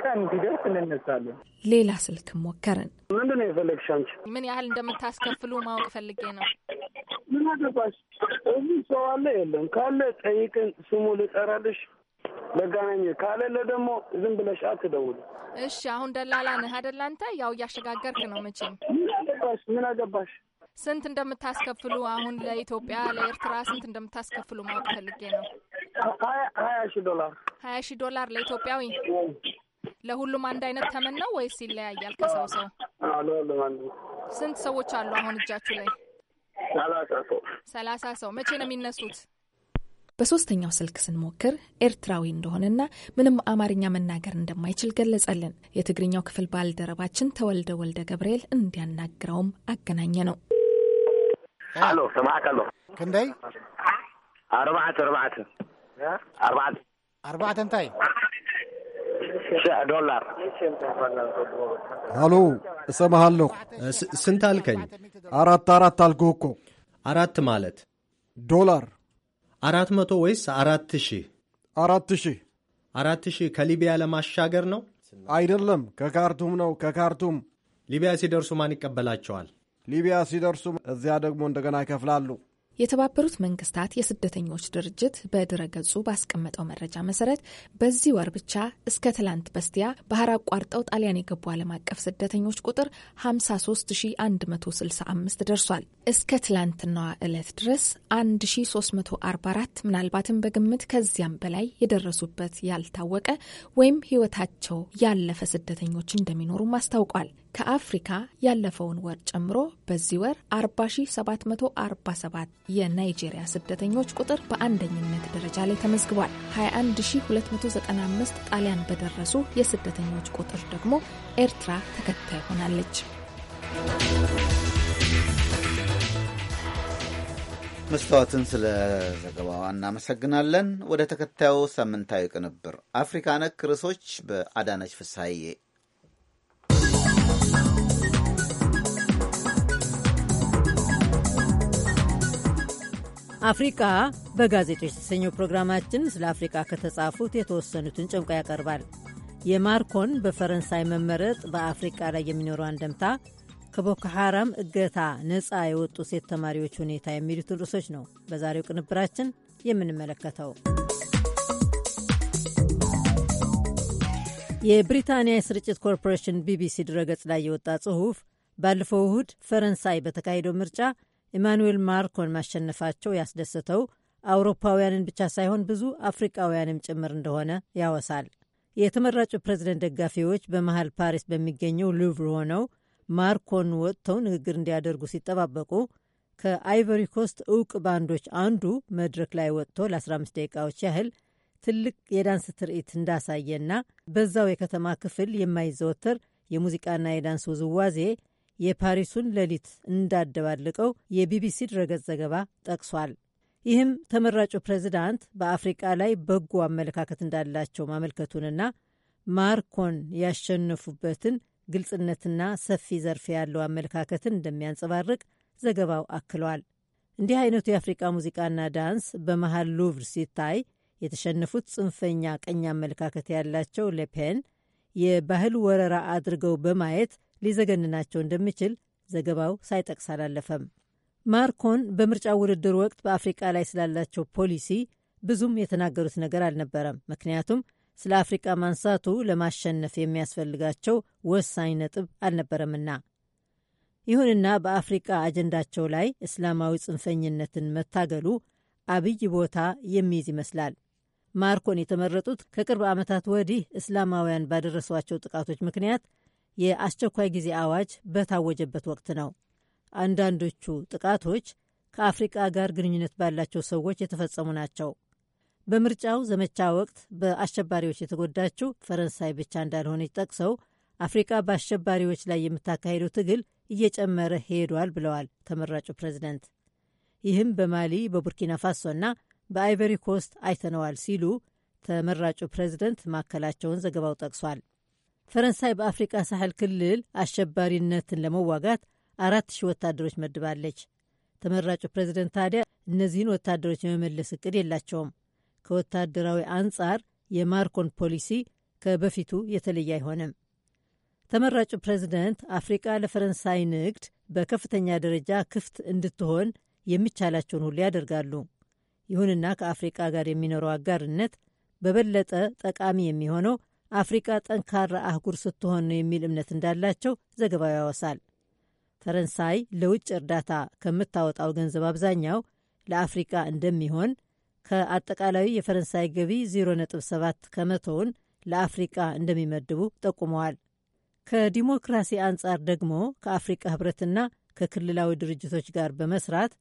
ቀን ሲደርስ እንነሳለን። ሌላ ስልክ ሞከርን። ምንድን ነው የፈለግሽ አንቺ? ምን ያህል እንደምታስከፍሉ ማወቅ ፈልጌ ነው። ምን አገባሽ? እዚህ ሰው አለ የለም? ካለ ጠይቅን። ስሙ ልጠራልሽ መገናኘት ካለለ ደግሞ ዝም ብለሽ አትደውሉ። እሺ፣ አሁን ደላላ ነህ አይደል? አንተ ያው እያሸጋገርክ ነው መቼም። ምን አገባሽ? ምን አገባሽ? ስንት እንደምታስከፍሉ አሁን ለኢትዮጵያ ለኤርትራ ስንት እንደምታስከፍሉ ማወቅ ፈልጌ ነው። ሀያ ሺህ ዶላር ሀያ ሺ ዶላር ለኢትዮጵያዊ ለሁሉም አንድ አይነት ተመን ነው ወይስ ይለያያል? ከሰው ሰው ስንት ሰዎች አሉ አሁን እጃችሁ ላይ? ሰላሳ ሰው ሰላሳ ሰው መቼ ነው የሚነሱት? በሶስተኛው ስልክ ስንሞክር ኤርትራዊ እንደሆነና ምንም አማርኛ መናገር እንደማይችል ገለጸልን። የትግርኛው ክፍል ባልደረባችን ተወልደ ወልደ ገብርኤል እንዲያናግረውም አገናኘ ነው። አሎ ሰማዕክ ኣሎ ክንደይ ኣርባዕተ ኣርባዕተ ኣርባዕተ ኣርባዕተ እንታይ ዶላር አሎ እሰማሃለሁ። ስንት አልከኝ? አራት አራት አልኩህ እኮ አራት ማለት ዶላር አራት መቶ ወይስ አራት ሺህ አራት ሺህ አራት ሺህ ከሊቢያ ለማሻገር ነው አይደለም? ከካርቱም ነው። ከካርቱም ሊቢያ ሲደርሱ ማን ይቀበላቸዋል? ሊቢያ ሲደርሱ እዚያ ደግሞ እንደገና ይከፍላሉ። የተባበሩት መንግስታት የስደተኞች ድርጅት በድረ-ገጹ ባስቀመጠው መረጃ መሰረት በዚህ ወር ብቻ እስከ ትላንት በስቲያ ባህር አቋርጠው ጣሊያን የገቡ ዓለም አቀፍ ስደተኞች ቁጥር 53165 ደርሷል። እስከ ትላንትናዋ ዕለት ድረስ 1344 ምናልባትም በግምት ከዚያም በላይ የደረሱበት ያልታወቀ ወይም ህይወታቸው ያለፈ ስደተኞች እንደሚኖሩም አስታውቋል። ከአፍሪካ ያለፈውን ወር ጨምሮ በዚህ ወር 40747 የናይጄሪያ ስደተኞች ቁጥር በአንደኝነት ደረጃ ላይ ተመዝግቧል። 21295 ጣሊያን በደረሱ የስደተኞች ቁጥር ደግሞ ኤርትራ ተከታይ ሆናለች። መስታወትን ስለ ዘገባዋ እናመሰግናለን። ወደ ተከታዩ ሳምንታዊ ቅንብር አፍሪካ ነክ ርዕሶች በአዳነች ፍሳዬ አፍሪቃ በጋዜጦች የተሰኘው ፕሮግራማችን ስለ አፍሪቃ ከተጻፉት የተወሰኑትን ጨምቆ ያቀርባል። የማርኮን በፈረንሳይ መመረጥ በአፍሪቃ ላይ የሚኖረው አንደምታ፣ ከቦኮ ሐራም እገታ ነፃ የወጡ ሴት ተማሪዎች ሁኔታ የሚሉትን ርዕሶች ነው በዛሬው ቅንብራችን የምንመለከተው። የብሪታንያ የስርጭት ኮርፖሬሽን ቢቢሲ ድረገጽ ላይ የወጣ ጽሑፍ ባለፈው እሁድ ፈረንሳይ በተካሄደው ምርጫ ኢማኑዌል ማርኮን ማሸነፋቸው ያስደሰተው አውሮፓውያንን ብቻ ሳይሆን ብዙ አፍሪቃውያንም ጭምር እንደሆነ ያወሳል። የተመራጩ ፕሬዝደንት ደጋፊዎች በመሃል ፓሪስ በሚገኘው ሉቭር ሆነው ማርኮን ወጥተው ንግግር እንዲያደርጉ ሲጠባበቁ ከአይቨሪ ኮስት እውቅ ባንዶች አንዱ መድረክ ላይ ወጥቶ ለ15 ደቂቃዎች ያህል ትልቅ የዳንስ ትርኢት እንዳሳየና በዛው የከተማ ክፍል የማይዘወተር የሙዚቃና የዳንስ ውዝዋዜ የፓሪሱን ሌሊት እንዳደባለቀው የቢቢሲ ድረገጽ ዘገባ ጠቅሷል። ይህም ተመራጩ ፕሬዚዳንት በአፍሪቃ ላይ በጎ አመለካከት እንዳላቸው ማመልከቱንና ማርኮን ያሸነፉበትን ግልጽነትና ሰፊ ዘርፍ ያለው አመለካከትን እንደሚያንጸባርቅ ዘገባው አክሏል። እንዲህ አይነቱ የአፍሪቃ ሙዚቃና ዳንስ በመሃል ሉቭር ሲታይ የተሸነፉት ጽንፈኛ ቀኝ አመለካከት ያላቸው ለፔን የባህል ወረራ አድርገው በማየት ሊዘገንናቸው እንደሚችል ዘገባው ሳይጠቅስ አላለፈም። ማርኮን በምርጫ ውድድር ወቅት በአፍሪቃ ላይ ስላላቸው ፖሊሲ ብዙም የተናገሩት ነገር አልነበረም። ምክንያቱም ስለ አፍሪቃ ማንሳቱ ለማሸነፍ የሚያስፈልጋቸው ወሳኝ ነጥብ አልነበረምና። ይሁንና በአፍሪቃ አጀንዳቸው ላይ እስላማዊ ጽንፈኝነትን መታገሉ አብይ ቦታ የሚይዝ ይመስላል። ማርኮን የተመረጡት ከቅርብ ዓመታት ወዲህ እስላማውያን ባደረሷቸው ጥቃቶች ምክንያት የአስቸኳይ ጊዜ አዋጅ በታወጀበት ወቅት ነው። አንዳንዶቹ ጥቃቶች ከአፍሪቃ ጋር ግንኙነት ባላቸው ሰዎች የተፈጸሙ ናቸው። በምርጫው ዘመቻ ወቅት በአሸባሪዎች የተጎዳችው ፈረንሳይ ብቻ እንዳልሆነች ጠቅሰው አፍሪቃ በአሸባሪዎች ላይ የምታካሄደው ትግል እየጨመረ ሄዷል ብለዋል ተመራጩ ፕሬዚደንት። ይህም በማሊ በቡርኪና ፋሶና በአይቨሪ ኮስት አይተነዋል ሲሉ ተመራጩ ፕሬዚደንት ማከላቸውን ዘገባው ጠቅሷል። ፈረንሳይ በአፍሪቃ ሳህል ክልል አሸባሪነትን ለመዋጋት አራት ሺህ ወታደሮች መድባለች። ተመራጩ ፕሬዝደንት ታዲያ እነዚህን ወታደሮች የመመለስ እቅድ የላቸውም። ከወታደራዊ አንጻር የማርኮን ፖሊሲ ከበፊቱ የተለየ አይሆንም። ተመራጩ ፕሬዝደንት አፍሪቃ ለፈረንሳይ ንግድ በከፍተኛ ደረጃ ክፍት እንድትሆን የሚቻላቸውን ሁሉ ያደርጋሉ። ይሁንና ከአፍሪቃ ጋር የሚኖረው አጋርነት በበለጠ ጠቃሚ የሚሆነው አፍሪቃ ጠንካራ አህጉር ስትሆን ነው የሚል እምነት እንዳላቸው ዘገባው ያወሳል። ፈረንሳይ ለውጭ እርዳታ ከምታወጣው ገንዘብ አብዛኛው ለአፍሪቃ እንደሚሆን ከአጠቃላዊ የፈረንሳይ ገቢ 0.7 ከመቶውን ለአፍሪቃ እንደሚመድቡ ጠቁመዋል። ከዲሞክራሲ አንጻር ደግሞ ከአፍሪቃ ህብረትና ከክልላዊ ድርጅቶች ጋር በመስራት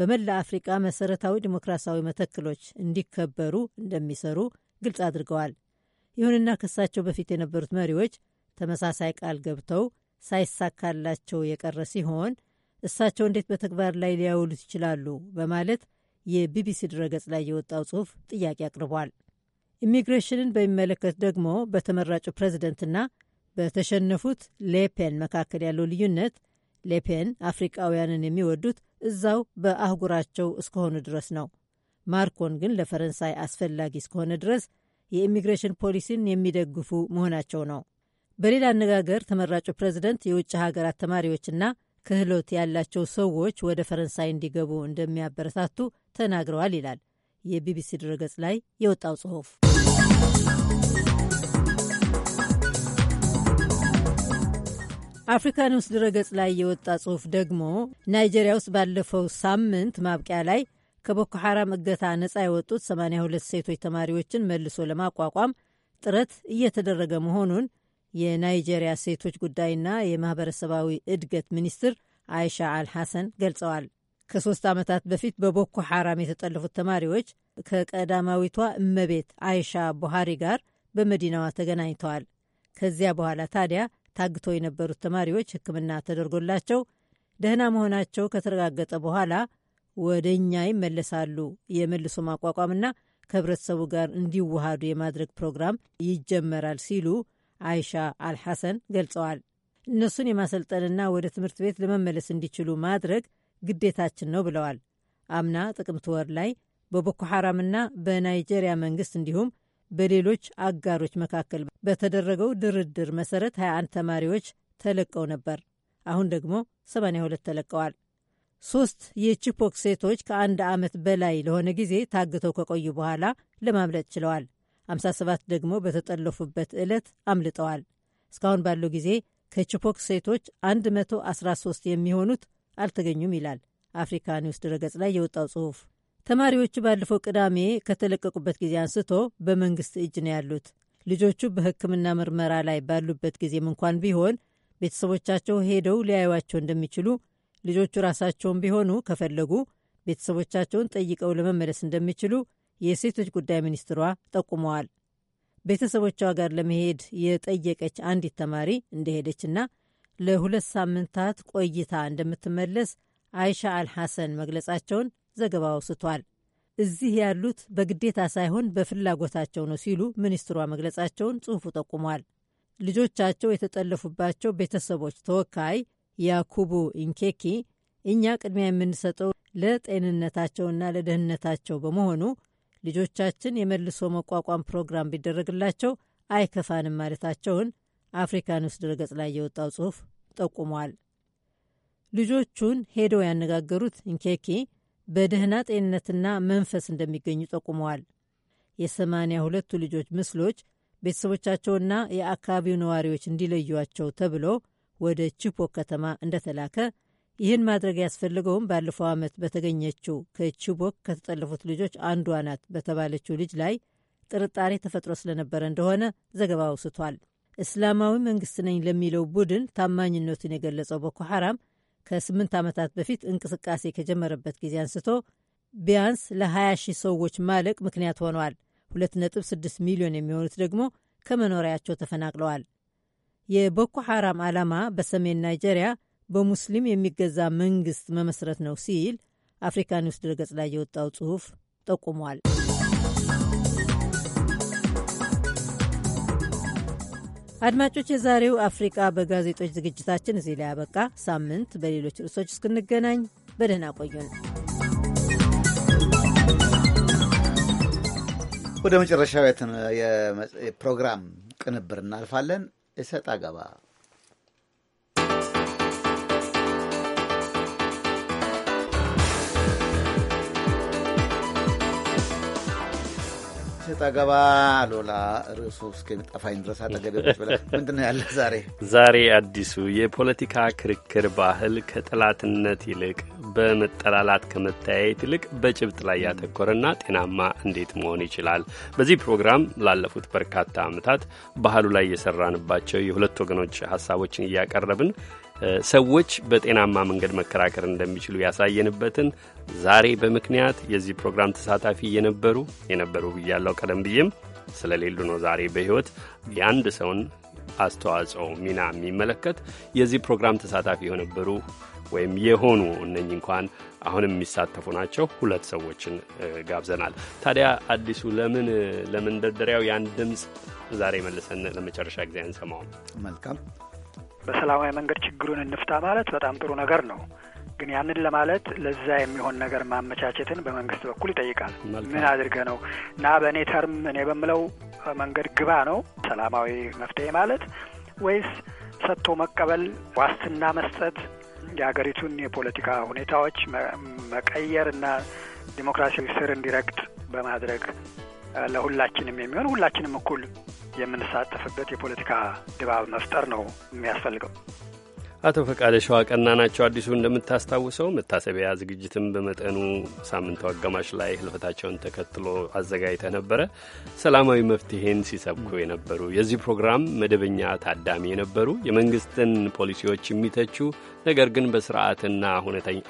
በመላ አፍሪቃ መሰረታዊ ዲሞክራሲያዊ መተክሎች እንዲከበሩ እንደሚሰሩ ግልጽ አድርገዋል። ይሁንና ከሳቸው በፊት የነበሩት መሪዎች ተመሳሳይ ቃል ገብተው ሳይሳካላቸው የቀረ ሲሆን እሳቸው እንዴት በተግባር ላይ ሊያውሉት ይችላሉ? በማለት የቢቢሲ ድረገጽ ላይ የወጣው ጽሑፍ ጥያቄ አቅርቧል። ኢሚግሬሽንን በሚመለከት ደግሞ በተመራጩ ፕሬዚደንትና በተሸነፉት ሌፔን መካከል ያለው ልዩነት ሌፔን አፍሪቃውያንን የሚወዱት እዛው በአህጉራቸው እስከሆኑ ድረስ ነው። ማርኮን ግን ለፈረንሳይ አስፈላጊ እስከሆነ ድረስ የኢሚግሬሽን ፖሊሲን የሚደግፉ መሆናቸው ነው። በሌላ አነጋገር ተመራጩ ፕሬዝደንት የውጭ ሀገራት ተማሪዎችና ክህሎት ያላቸው ሰዎች ወደ ፈረንሳይ እንዲገቡ እንደሚያበረታቱ ተናግረዋል ይላል የቢቢሲ ድረገጽ ላይ የወጣው ጽሑፍ። አፍሪካ ኒውስ ድረገጽ ላይ የወጣ ጽሑፍ ደግሞ ናይጄሪያ ውስጥ ባለፈው ሳምንት ማብቂያ ላይ ከቦኮ ሐራም እገታ ነጻ የወጡት 82 ሴቶች ተማሪዎችን መልሶ ለማቋቋም ጥረት እየተደረገ መሆኑን የናይጄሪያ ሴቶች ጉዳይና የማህበረሰባዊ እድገት ሚኒስትር አይሻ አልሐሰን ገልጸዋል። ከሶስት ዓመታት በፊት በቦኮ ሐራም የተጠለፉት ተማሪዎች ከቀዳማዊቷ እመቤት አይሻ ቡሃሪ ጋር በመዲናዋ ተገናኝተዋል። ከዚያ በኋላ ታዲያ ታግተው የነበሩት ተማሪዎች ሕክምና ተደርጎላቸው ደህና መሆናቸው ከተረጋገጠ በኋላ ወደ እኛ ይመለሳሉ። የመልሶ ማቋቋምና ከህብረተሰቡ ጋር እንዲዋሃዱ የማድረግ ፕሮግራም ይጀመራል ሲሉ አይሻ አልሐሰን ገልጸዋል። እነሱን የማሰልጠንና ወደ ትምህርት ቤት ለመመለስ እንዲችሉ ማድረግ ግዴታችን ነው ብለዋል። አምና ጥቅምት ወር ላይ በቦኮ ሐራምና በናይጄሪያ መንግስት እንዲሁም በሌሎች አጋሮች መካከል በተደረገው ድርድር መሰረት 21 ተማሪዎች ተለቀው ነበር። አሁን ደግሞ 82 ተለቀዋል። ሶስት የቺፖክ ሴቶች ከአንድ ዓመት በላይ ለሆነ ጊዜ ታግተው ከቆዩ በኋላ ለማምለጥ ችለዋል። 57 ደግሞ በተጠለፉበት ዕለት አምልጠዋል። እስካሁን ባለው ጊዜ ከቺፖክ ሴቶች 113 የሚሆኑት አልተገኙም ይላል አፍሪካ ኒውስ ድረገጽ ላይ የወጣው ጽሑፍ። ተማሪዎቹ ባለፈው ቅዳሜ ከተለቀቁበት ጊዜ አንስቶ በመንግስት እጅ ነው ያሉት። ልጆቹ በሕክምና ምርመራ ላይ ባሉበት ጊዜም እንኳን ቢሆን ቤተሰቦቻቸው ሄደው ሊያዩዋቸው እንደሚችሉ ልጆቹ ራሳቸውን ቢሆኑ ከፈለጉ ቤተሰቦቻቸውን ጠይቀው ለመመለስ እንደሚችሉ የሴቶች ጉዳይ ሚኒስትሯ ጠቁመዋል። ቤተሰቦቿ ጋር ለመሄድ የጠየቀች አንዲት ተማሪ እንደሄደችና ለሁለት ሳምንታት ቆይታ እንደምትመለስ አይሻ አልሐሰን መግለጻቸውን ዘገባ አውስቷል። እዚህ ያሉት በግዴታ ሳይሆን በፍላጎታቸው ነው ሲሉ ሚኒስትሯ መግለጻቸውን ጽሑፉ ጠቁሟል። ልጆቻቸው የተጠለፉባቸው ቤተሰቦች ተወካይ ያኩቡ ኢንኬኪ እኛ ቅድሚያ የምንሰጠው ለጤንነታቸውና ለደህንነታቸው በመሆኑ ልጆቻችን የመልሶ መቋቋም ፕሮግራም ቢደረግላቸው አይከፋንም ማለታቸውን አፍሪካ ኒውስ ድረገጽ ላይ የወጣው ጽሑፍ ጠቁሟል። ልጆቹን ሄደው ያነጋገሩት ኢንኬኪ በደህና ጤንነትና መንፈስ እንደሚገኙ ጠቁመዋል። የሰማንያ ሁለቱ ልጆች ምስሎች ቤተሰቦቻቸውና የአካባቢው ነዋሪዎች እንዲለዩቸው ተብሎ ወደ ቺቦክ ከተማ እንደተላከ ይህን ማድረግ ያስፈልገውም ባለፈው ዓመት በተገኘችው ከቺቦክ ከተጠለፉት ልጆች አንዷ ናት በተባለችው ልጅ ላይ ጥርጣሬ ተፈጥሮ ስለነበረ እንደሆነ ዘገባ አውስቷል። እስላማዊ መንግስት ነኝ ለሚለው ቡድን ታማኝነቱን የገለጸው ቦኮ ሐራም ከስምንት ዓመታት በፊት እንቅስቃሴ ከጀመረበት ጊዜ አንስቶ ቢያንስ ለ20 ሺህ ሰዎች ማለቅ ምክንያት ሆነዋል። 2.6 ሚሊዮን የሚሆኑት ደግሞ ከመኖሪያቸው ተፈናቅለዋል። የቦኮ ሐራም ዓላማ በሰሜን ናይጄሪያ በሙስሊም የሚገዛ መንግስት መመስረት ነው ሲል አፍሪካ ኒውስ ድረገጽ ላይ የወጣው ጽሑፍ ጠቁሟል። አድማጮች፣ የዛሬው አፍሪቃ በጋዜጦች ዝግጅታችን እዚህ ላይ ያበቃ። ሳምንት በሌሎች ርዕሶች እስክንገናኝ በደህና ቆዩን። ወደ መጨረሻው የፕሮግራም ቅንብር እናልፋለን። እሰጥ አገባ ሰጥ አገባ ሎላ ርዕሱ እስከሚጠፋኝ ድረስ አጠገቤ ቁጭ ብለህ ምንድን ነው ያለህ ዛሬ? ዛሬ አዲሱ የፖለቲካ ክርክር ባህል ከጠላትነት ይልቅ በመጠላላት ከመታያየት ይልቅ በጭብጥ ላይ ያተኮረና ጤናማ እንዴት መሆን ይችላል? በዚህ ፕሮግራም ላለፉት በርካታ ዓመታት ባህሉ ላይ የሰራንባቸው የሁለት ወገኖች ሀሳቦችን እያቀረብን ሰዎች በጤናማ መንገድ መከራከር እንደሚችሉ ያሳየንበትን ዛሬ በምክንያት የዚህ ፕሮግራም ተሳታፊ የነበሩ የነበሩ ብያለው ቀደም ብዬም ስለሌሉ ነው። ዛሬ በሕይወት የአንድ ሰውን አስተዋጽኦ ሚና የሚመለከት የዚህ ፕሮግራም ተሳታፊ የነበሩ ወይም የሆኑ እነኝ እንኳን አሁንም የሚሳተፉ ናቸው። ሁለት ሰዎችን ጋብዘናል። ታዲያ አዲሱ ለምን ለመንደርደሪያው ያን ድምፅ ዛሬ መልሰን ለመጨረሻ ጊዜ አንሰማውም? መልካም በሰላማዊ መንገድ ችግሩን እንፍታ ማለት በጣም ጥሩ ነገር ነው። ግን ያንን ለማለት ለዛ የሚሆን ነገር ማመቻቸትን በመንግስት በኩል ይጠይቃል። ምን አድርገ ነው እና በእኔ ተርም እኔ በምለው መንገድ ግባ ነው ሰላማዊ መፍትሄ ማለት ወይስ ሰጥቶ መቀበል ዋስትና መስጠት የሀገሪቱን የፖለቲካ ሁኔታዎች መቀየር እና ዲሞክራሲያዊ ስር እንዲረግጥ በማድረግ ለሁላችንም የሚሆን ሁላችንም እኩል የምንሳተፍበት የፖለቲካ ድባብ መፍጠር ነው የሚያስፈልገው። አቶ ፈቃደ ሸዋቀና ናቸው። አዲሱ እንደምታስታውሰው መታሰቢያ ዝግጅትን በመጠኑ ሳምንቱ አጋማሽ ላይ ህልፈታቸውን ተከትሎ አዘጋጅተ ነበረ። ሰላማዊ መፍትሄን ሲሰብኩ የነበሩ የዚህ ፕሮግራም መደበኛ ታዳሚ የነበሩ የመንግስትን ፖሊሲዎች የሚተቹ ነገር ግን በስርዓትና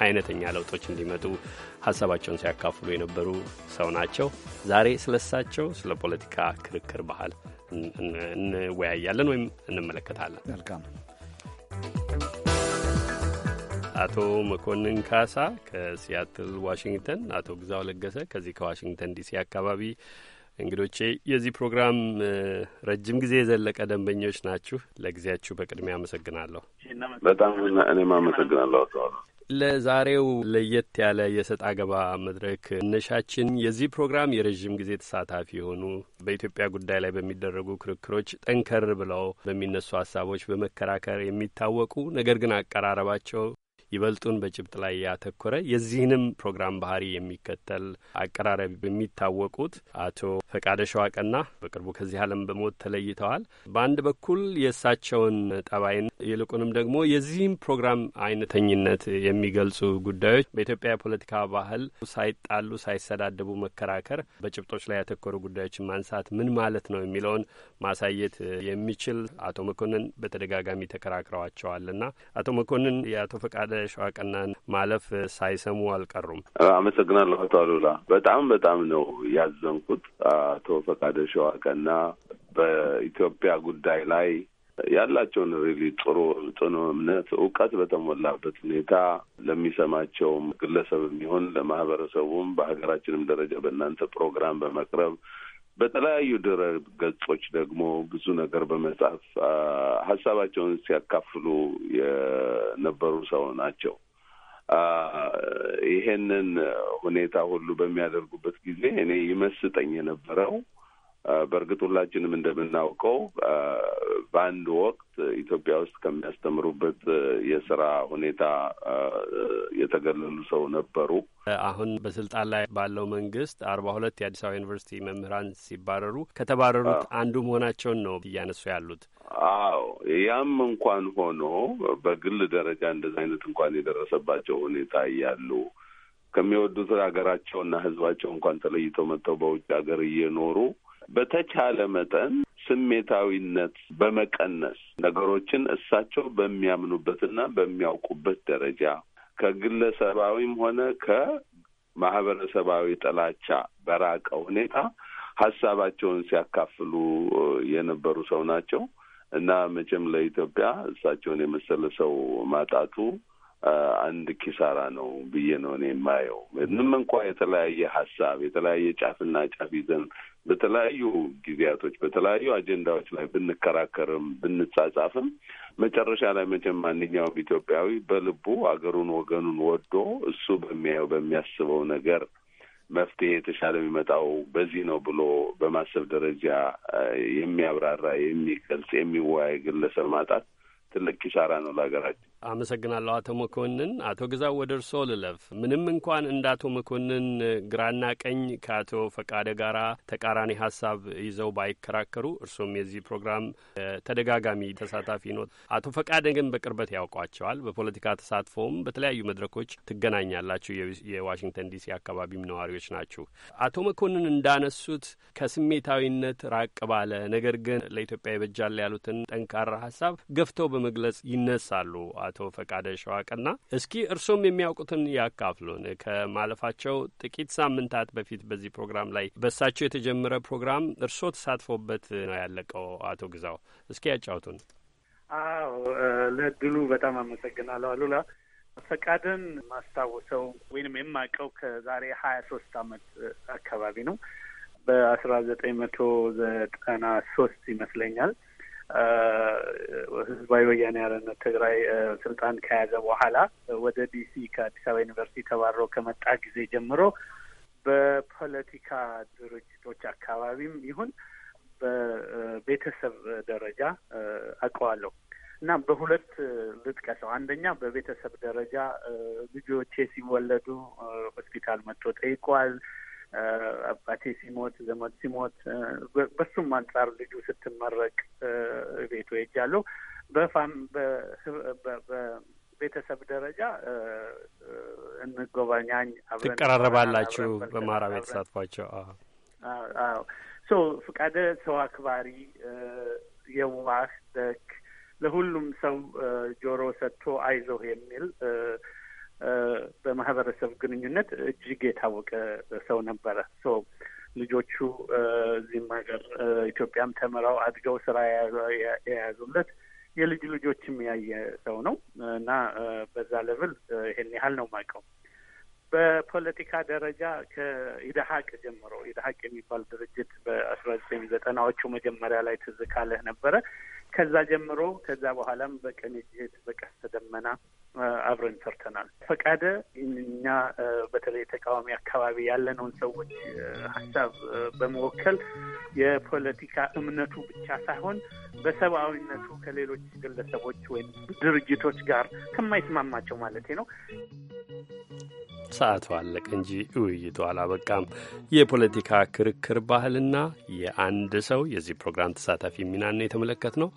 አይነተኛ ለውጦች እንዲመጡ ሀሳባቸውን ሲያካፍሉ የነበሩ ሰው ናቸው። ዛሬ ስለሳቸው ስለ ፖለቲካ ክርክር ባህል እንወያያለን ወይም እንመለከታለን። አቶ መኮንን ካሳ ከሲያትል ዋሽንግተን፣ አቶ ግዛው ለገሰ ከዚህ ከዋሽንግተን ዲሲ አካባቢ እንግዶቼ የዚህ ፕሮግራም ረጅም ጊዜ የዘለቀ ደንበኞች ናችሁ። ለጊዜያችሁ በቅድሚያ አመሰግናለሁ። በጣም እኔም አመሰግናለሁ አቶ ለዛሬው ለየት ያለ የሰጥ አገባ መድረክ እነሻችን የዚህ ፕሮግራም የረዥም ጊዜ ተሳታፊ የሆኑ በኢትዮጵያ ጉዳይ ላይ በሚደረጉ ክርክሮች ጠንከር ብለው በሚነሱ ሀሳቦች በመከራከር የሚታወቁ ነገር ግን አቀራረባቸው ይበልጡን በጭብጥ ላይ ያተኮረ የዚህንም ፕሮግራም ባህሪ የሚከተል አቀራረብ የሚታወቁት አቶ ፈቃደ ሸዋቀና በቅርቡ ከዚህ ዓለም በሞት ተለይተዋል። በአንድ በኩል የእሳቸውን ጠባይን ይልቁንም ደግሞ የዚህም ፕሮግራም አይነተኝነት የሚገልጹ ጉዳዮች በኢትዮጵያ የፖለቲካ ባህል ሳይጣሉ ሳይሰዳደቡ መከራከር፣ በጭብጦች ላይ ያተኮሩ ጉዳዮችን ማንሳት ምን ማለት ነው የሚለውን ማሳየት የሚችል አቶ መኮንን በተደጋጋሚ ተከራክረዋቸዋልና አቶ መኮንን የአቶ ፈቃደ ሸዋቀና ማለፍ ሳይሰሙ አልቀሩም። አመሰግናለሁ አቶ አሉላ። በጣም በጣም ነው ያዘንኩት። አቶ ፈቃደ ሸዋቀና በኢትዮጵያ ጉዳይ ላይ ያላቸውን ሪሊ ጥሩ ጽኑ እምነት እውቀት በተሞላበት ሁኔታ ለሚሰማቸውም ግለሰብ የሚሆን ለማህበረሰቡም በሀገራችንም ደረጃ በእናንተ ፕሮግራም በመቅረብ በተለያዩ ድረ ገጾች ደግሞ ብዙ ነገር በመጻፍ ሀሳባቸውን ሲያካፍሉ የነበሩ ሰው ናቸው። ይሄንን ሁኔታ ሁሉ በሚያደርጉበት ጊዜ እኔ ይመስጠኝ የነበረው በእርግጥ ሁላችንም እንደምናውቀው በአንድ ወቅት ኢትዮጵያ ውስጥ ከሚያስተምሩበት የስራ ሁኔታ የተገለሉ ሰው ነበሩ። አሁን በስልጣን ላይ ባለው መንግስት አርባ ሁለት የአዲስ አበባ ዩኒቨርሲቲ መምህራን ሲባረሩ ከተባረሩት አንዱ መሆናቸውን ነው እያነሱ ያሉት። አዎ ያም እንኳን ሆኖ በግል ደረጃ እንደዚ አይነት እንኳን የደረሰባቸው ሁኔታ እያሉ ከሚወዱት ሀገራቸውና ህዝባቸው እንኳን ተለይተው መጥተው በውጭ ሀገር እየኖሩ በተቻለ መጠን ስሜታዊነት በመቀነስ ነገሮችን እሳቸው በሚያምኑበትና በሚያውቁበት ደረጃ ከግለሰባዊም ሆነ ከማህበረሰባዊ ጥላቻ በራቀ ሁኔታ ሀሳባቸውን ሲያካፍሉ የነበሩ ሰው ናቸው እና መቼም ለኢትዮጵያ እሳቸውን የመሰለ ሰው ማጣቱ አንድ ኪሳራ ነው ብዬ ነው እኔ የማየው። ምንም እንኳ የተለያየ ሀሳብ የተለያየ ጫፍና ጫፍ ይዘን በተለያዩ ጊዜያቶች በተለያዩ አጀንዳዎች ላይ ብንከራከርም ብንጻጻፍም መጨረሻ ላይ መቼም ማንኛውም ኢትዮጵያዊ በልቡ አገሩን ወገኑን ወዶ እሱ በሚያየው በሚያስበው ነገር መፍትሄ የተሻለ የሚመጣው በዚህ ነው ብሎ በማሰብ ደረጃ የሚያብራራ የሚገልጽ የሚወያይ ግለሰብ ማጣት ትልቅ ኪሳራ ነው ለሀገራችን። አመሰግናለሁ አቶ መኮንን። አቶ ግዛው ወደ እርስዎ ልለፍ። ምንም እንኳን እንደ አቶ መኮንን ግራና ቀኝ ከአቶ ፈቃደ ጋር ተቃራኒ ሀሳብ ይዘው ባይከራከሩ፣ እርሶም የዚህ ፕሮግራም ተደጋጋሚ ተሳታፊ ኖት። አቶ ፈቃደ ግን በቅርበት ያውቋቸዋል። በፖለቲካ ተሳትፎም በተለያዩ መድረኮች ትገናኛላችሁ። የዋሽንግተን ዲሲ አካባቢም ነዋሪዎች ናችሁ። አቶ መኮንን እንዳነሱት ከስሜታዊነት ራቅ ባለ ነገር ግን ለኢትዮጵያ ይበጃል ያሉትን ጠንካራ ሀሳብ ገፍተው በመግለጽ ይነሳሉ። አቶ ፈቃደ ሸዋቀና እስኪ እርሶም የሚያውቁትን ያካፍሉን። ከማለፋቸው ጥቂት ሳምንታት በፊት በዚህ ፕሮግራም ላይ በሳቸው የተጀመረ ፕሮግራም እርስዎ ተሳትፎበት ነው ያለቀው። አቶ ግዛው እስኪ ያጫውቱን። አዎ ለእድሉ በጣም አመሰግናለሁ አሉላ። ፈቃደን ማስታወሰው ወይንም የማውቀው ከዛሬ ሀያ ሶስት አመት አካባቢ ነው በአስራ ዘጠኝ መቶ ዘጠና ሶስት ይመስለኛል ህዝባዊ ወያኔ ሓርነት ትግራይ ስልጣን ከያዘ በኋላ ወደ ዲሲ ከአዲስ አበባ ዩኒቨርሲቲ ተባሮ ከመጣ ጊዜ ጀምሮ በፖለቲካ ድርጅቶች አካባቢም ይሁን በቤተሰብ ደረጃ አውቀዋለሁ እና በሁለት ልጥቀሰው። አንደኛ በቤተሰብ ደረጃ ልጆቼ ሲወለዱ ሆስፒታል መጥቶ ጠይቋል። አባቴ ሲሞት ዘመድ ሲሞት በሱም አንጻር ልጁ ስትመረቅ ቤቱ ሄጃለሁ። በፋም በቤተሰብ ደረጃ እንጎበኛኝ አብረን ትቀራረባላችሁ በማራ ቤተሳትፏቸው ሶ ፍቃደ ሰው አክባሪ፣ የዋህ፣ ደግ ለሁሉም ሰው ጆሮ ሰጥቶ አይዞህ የሚል በማህበረሰብ ግንኙነት እጅግ የታወቀ ሰው ነበረ። ሶ ልጆቹ እዚህም ሀገር ኢትዮጵያም ተምረው አድገው ስራ የያዙለት የልጅ ልጆችም ያየ ሰው ነው እና በዛ ለብል ይሄን ያህል ነው የማውቀው። በፖለቲካ ደረጃ ከኢደሀቅ ጀምሮ ኢደሀቅ የሚባል ድርጅት በአስራ ዘጠኝ ዘጠናዎቹ መጀመሪያ ላይ ትዝ ካለህ ነበረ ከዛ ጀምሮ ከዛ በኋላም በቅንጅት በቀስተ ደመና አብረን ሰርተናል። ፈቃደ እኛ በተለይ ተቃዋሚ አካባቢ ያለነውን ሰዎች ሀሳብ በመወከል የፖለቲካ እምነቱ ብቻ ሳይሆን በሰብአዊነቱ ከሌሎች ግለሰቦች ወይም ድርጅቶች ጋር ከማይስማማቸው ማለት ነው። ሰዓቱ አለቅ እንጂ ውይይቱ አላበቃም። የፖለቲካ ክርክር ባህልና የአንድ ሰው የዚህ ፕሮግራም ተሳታፊ ሚናን የተመለከት ነው።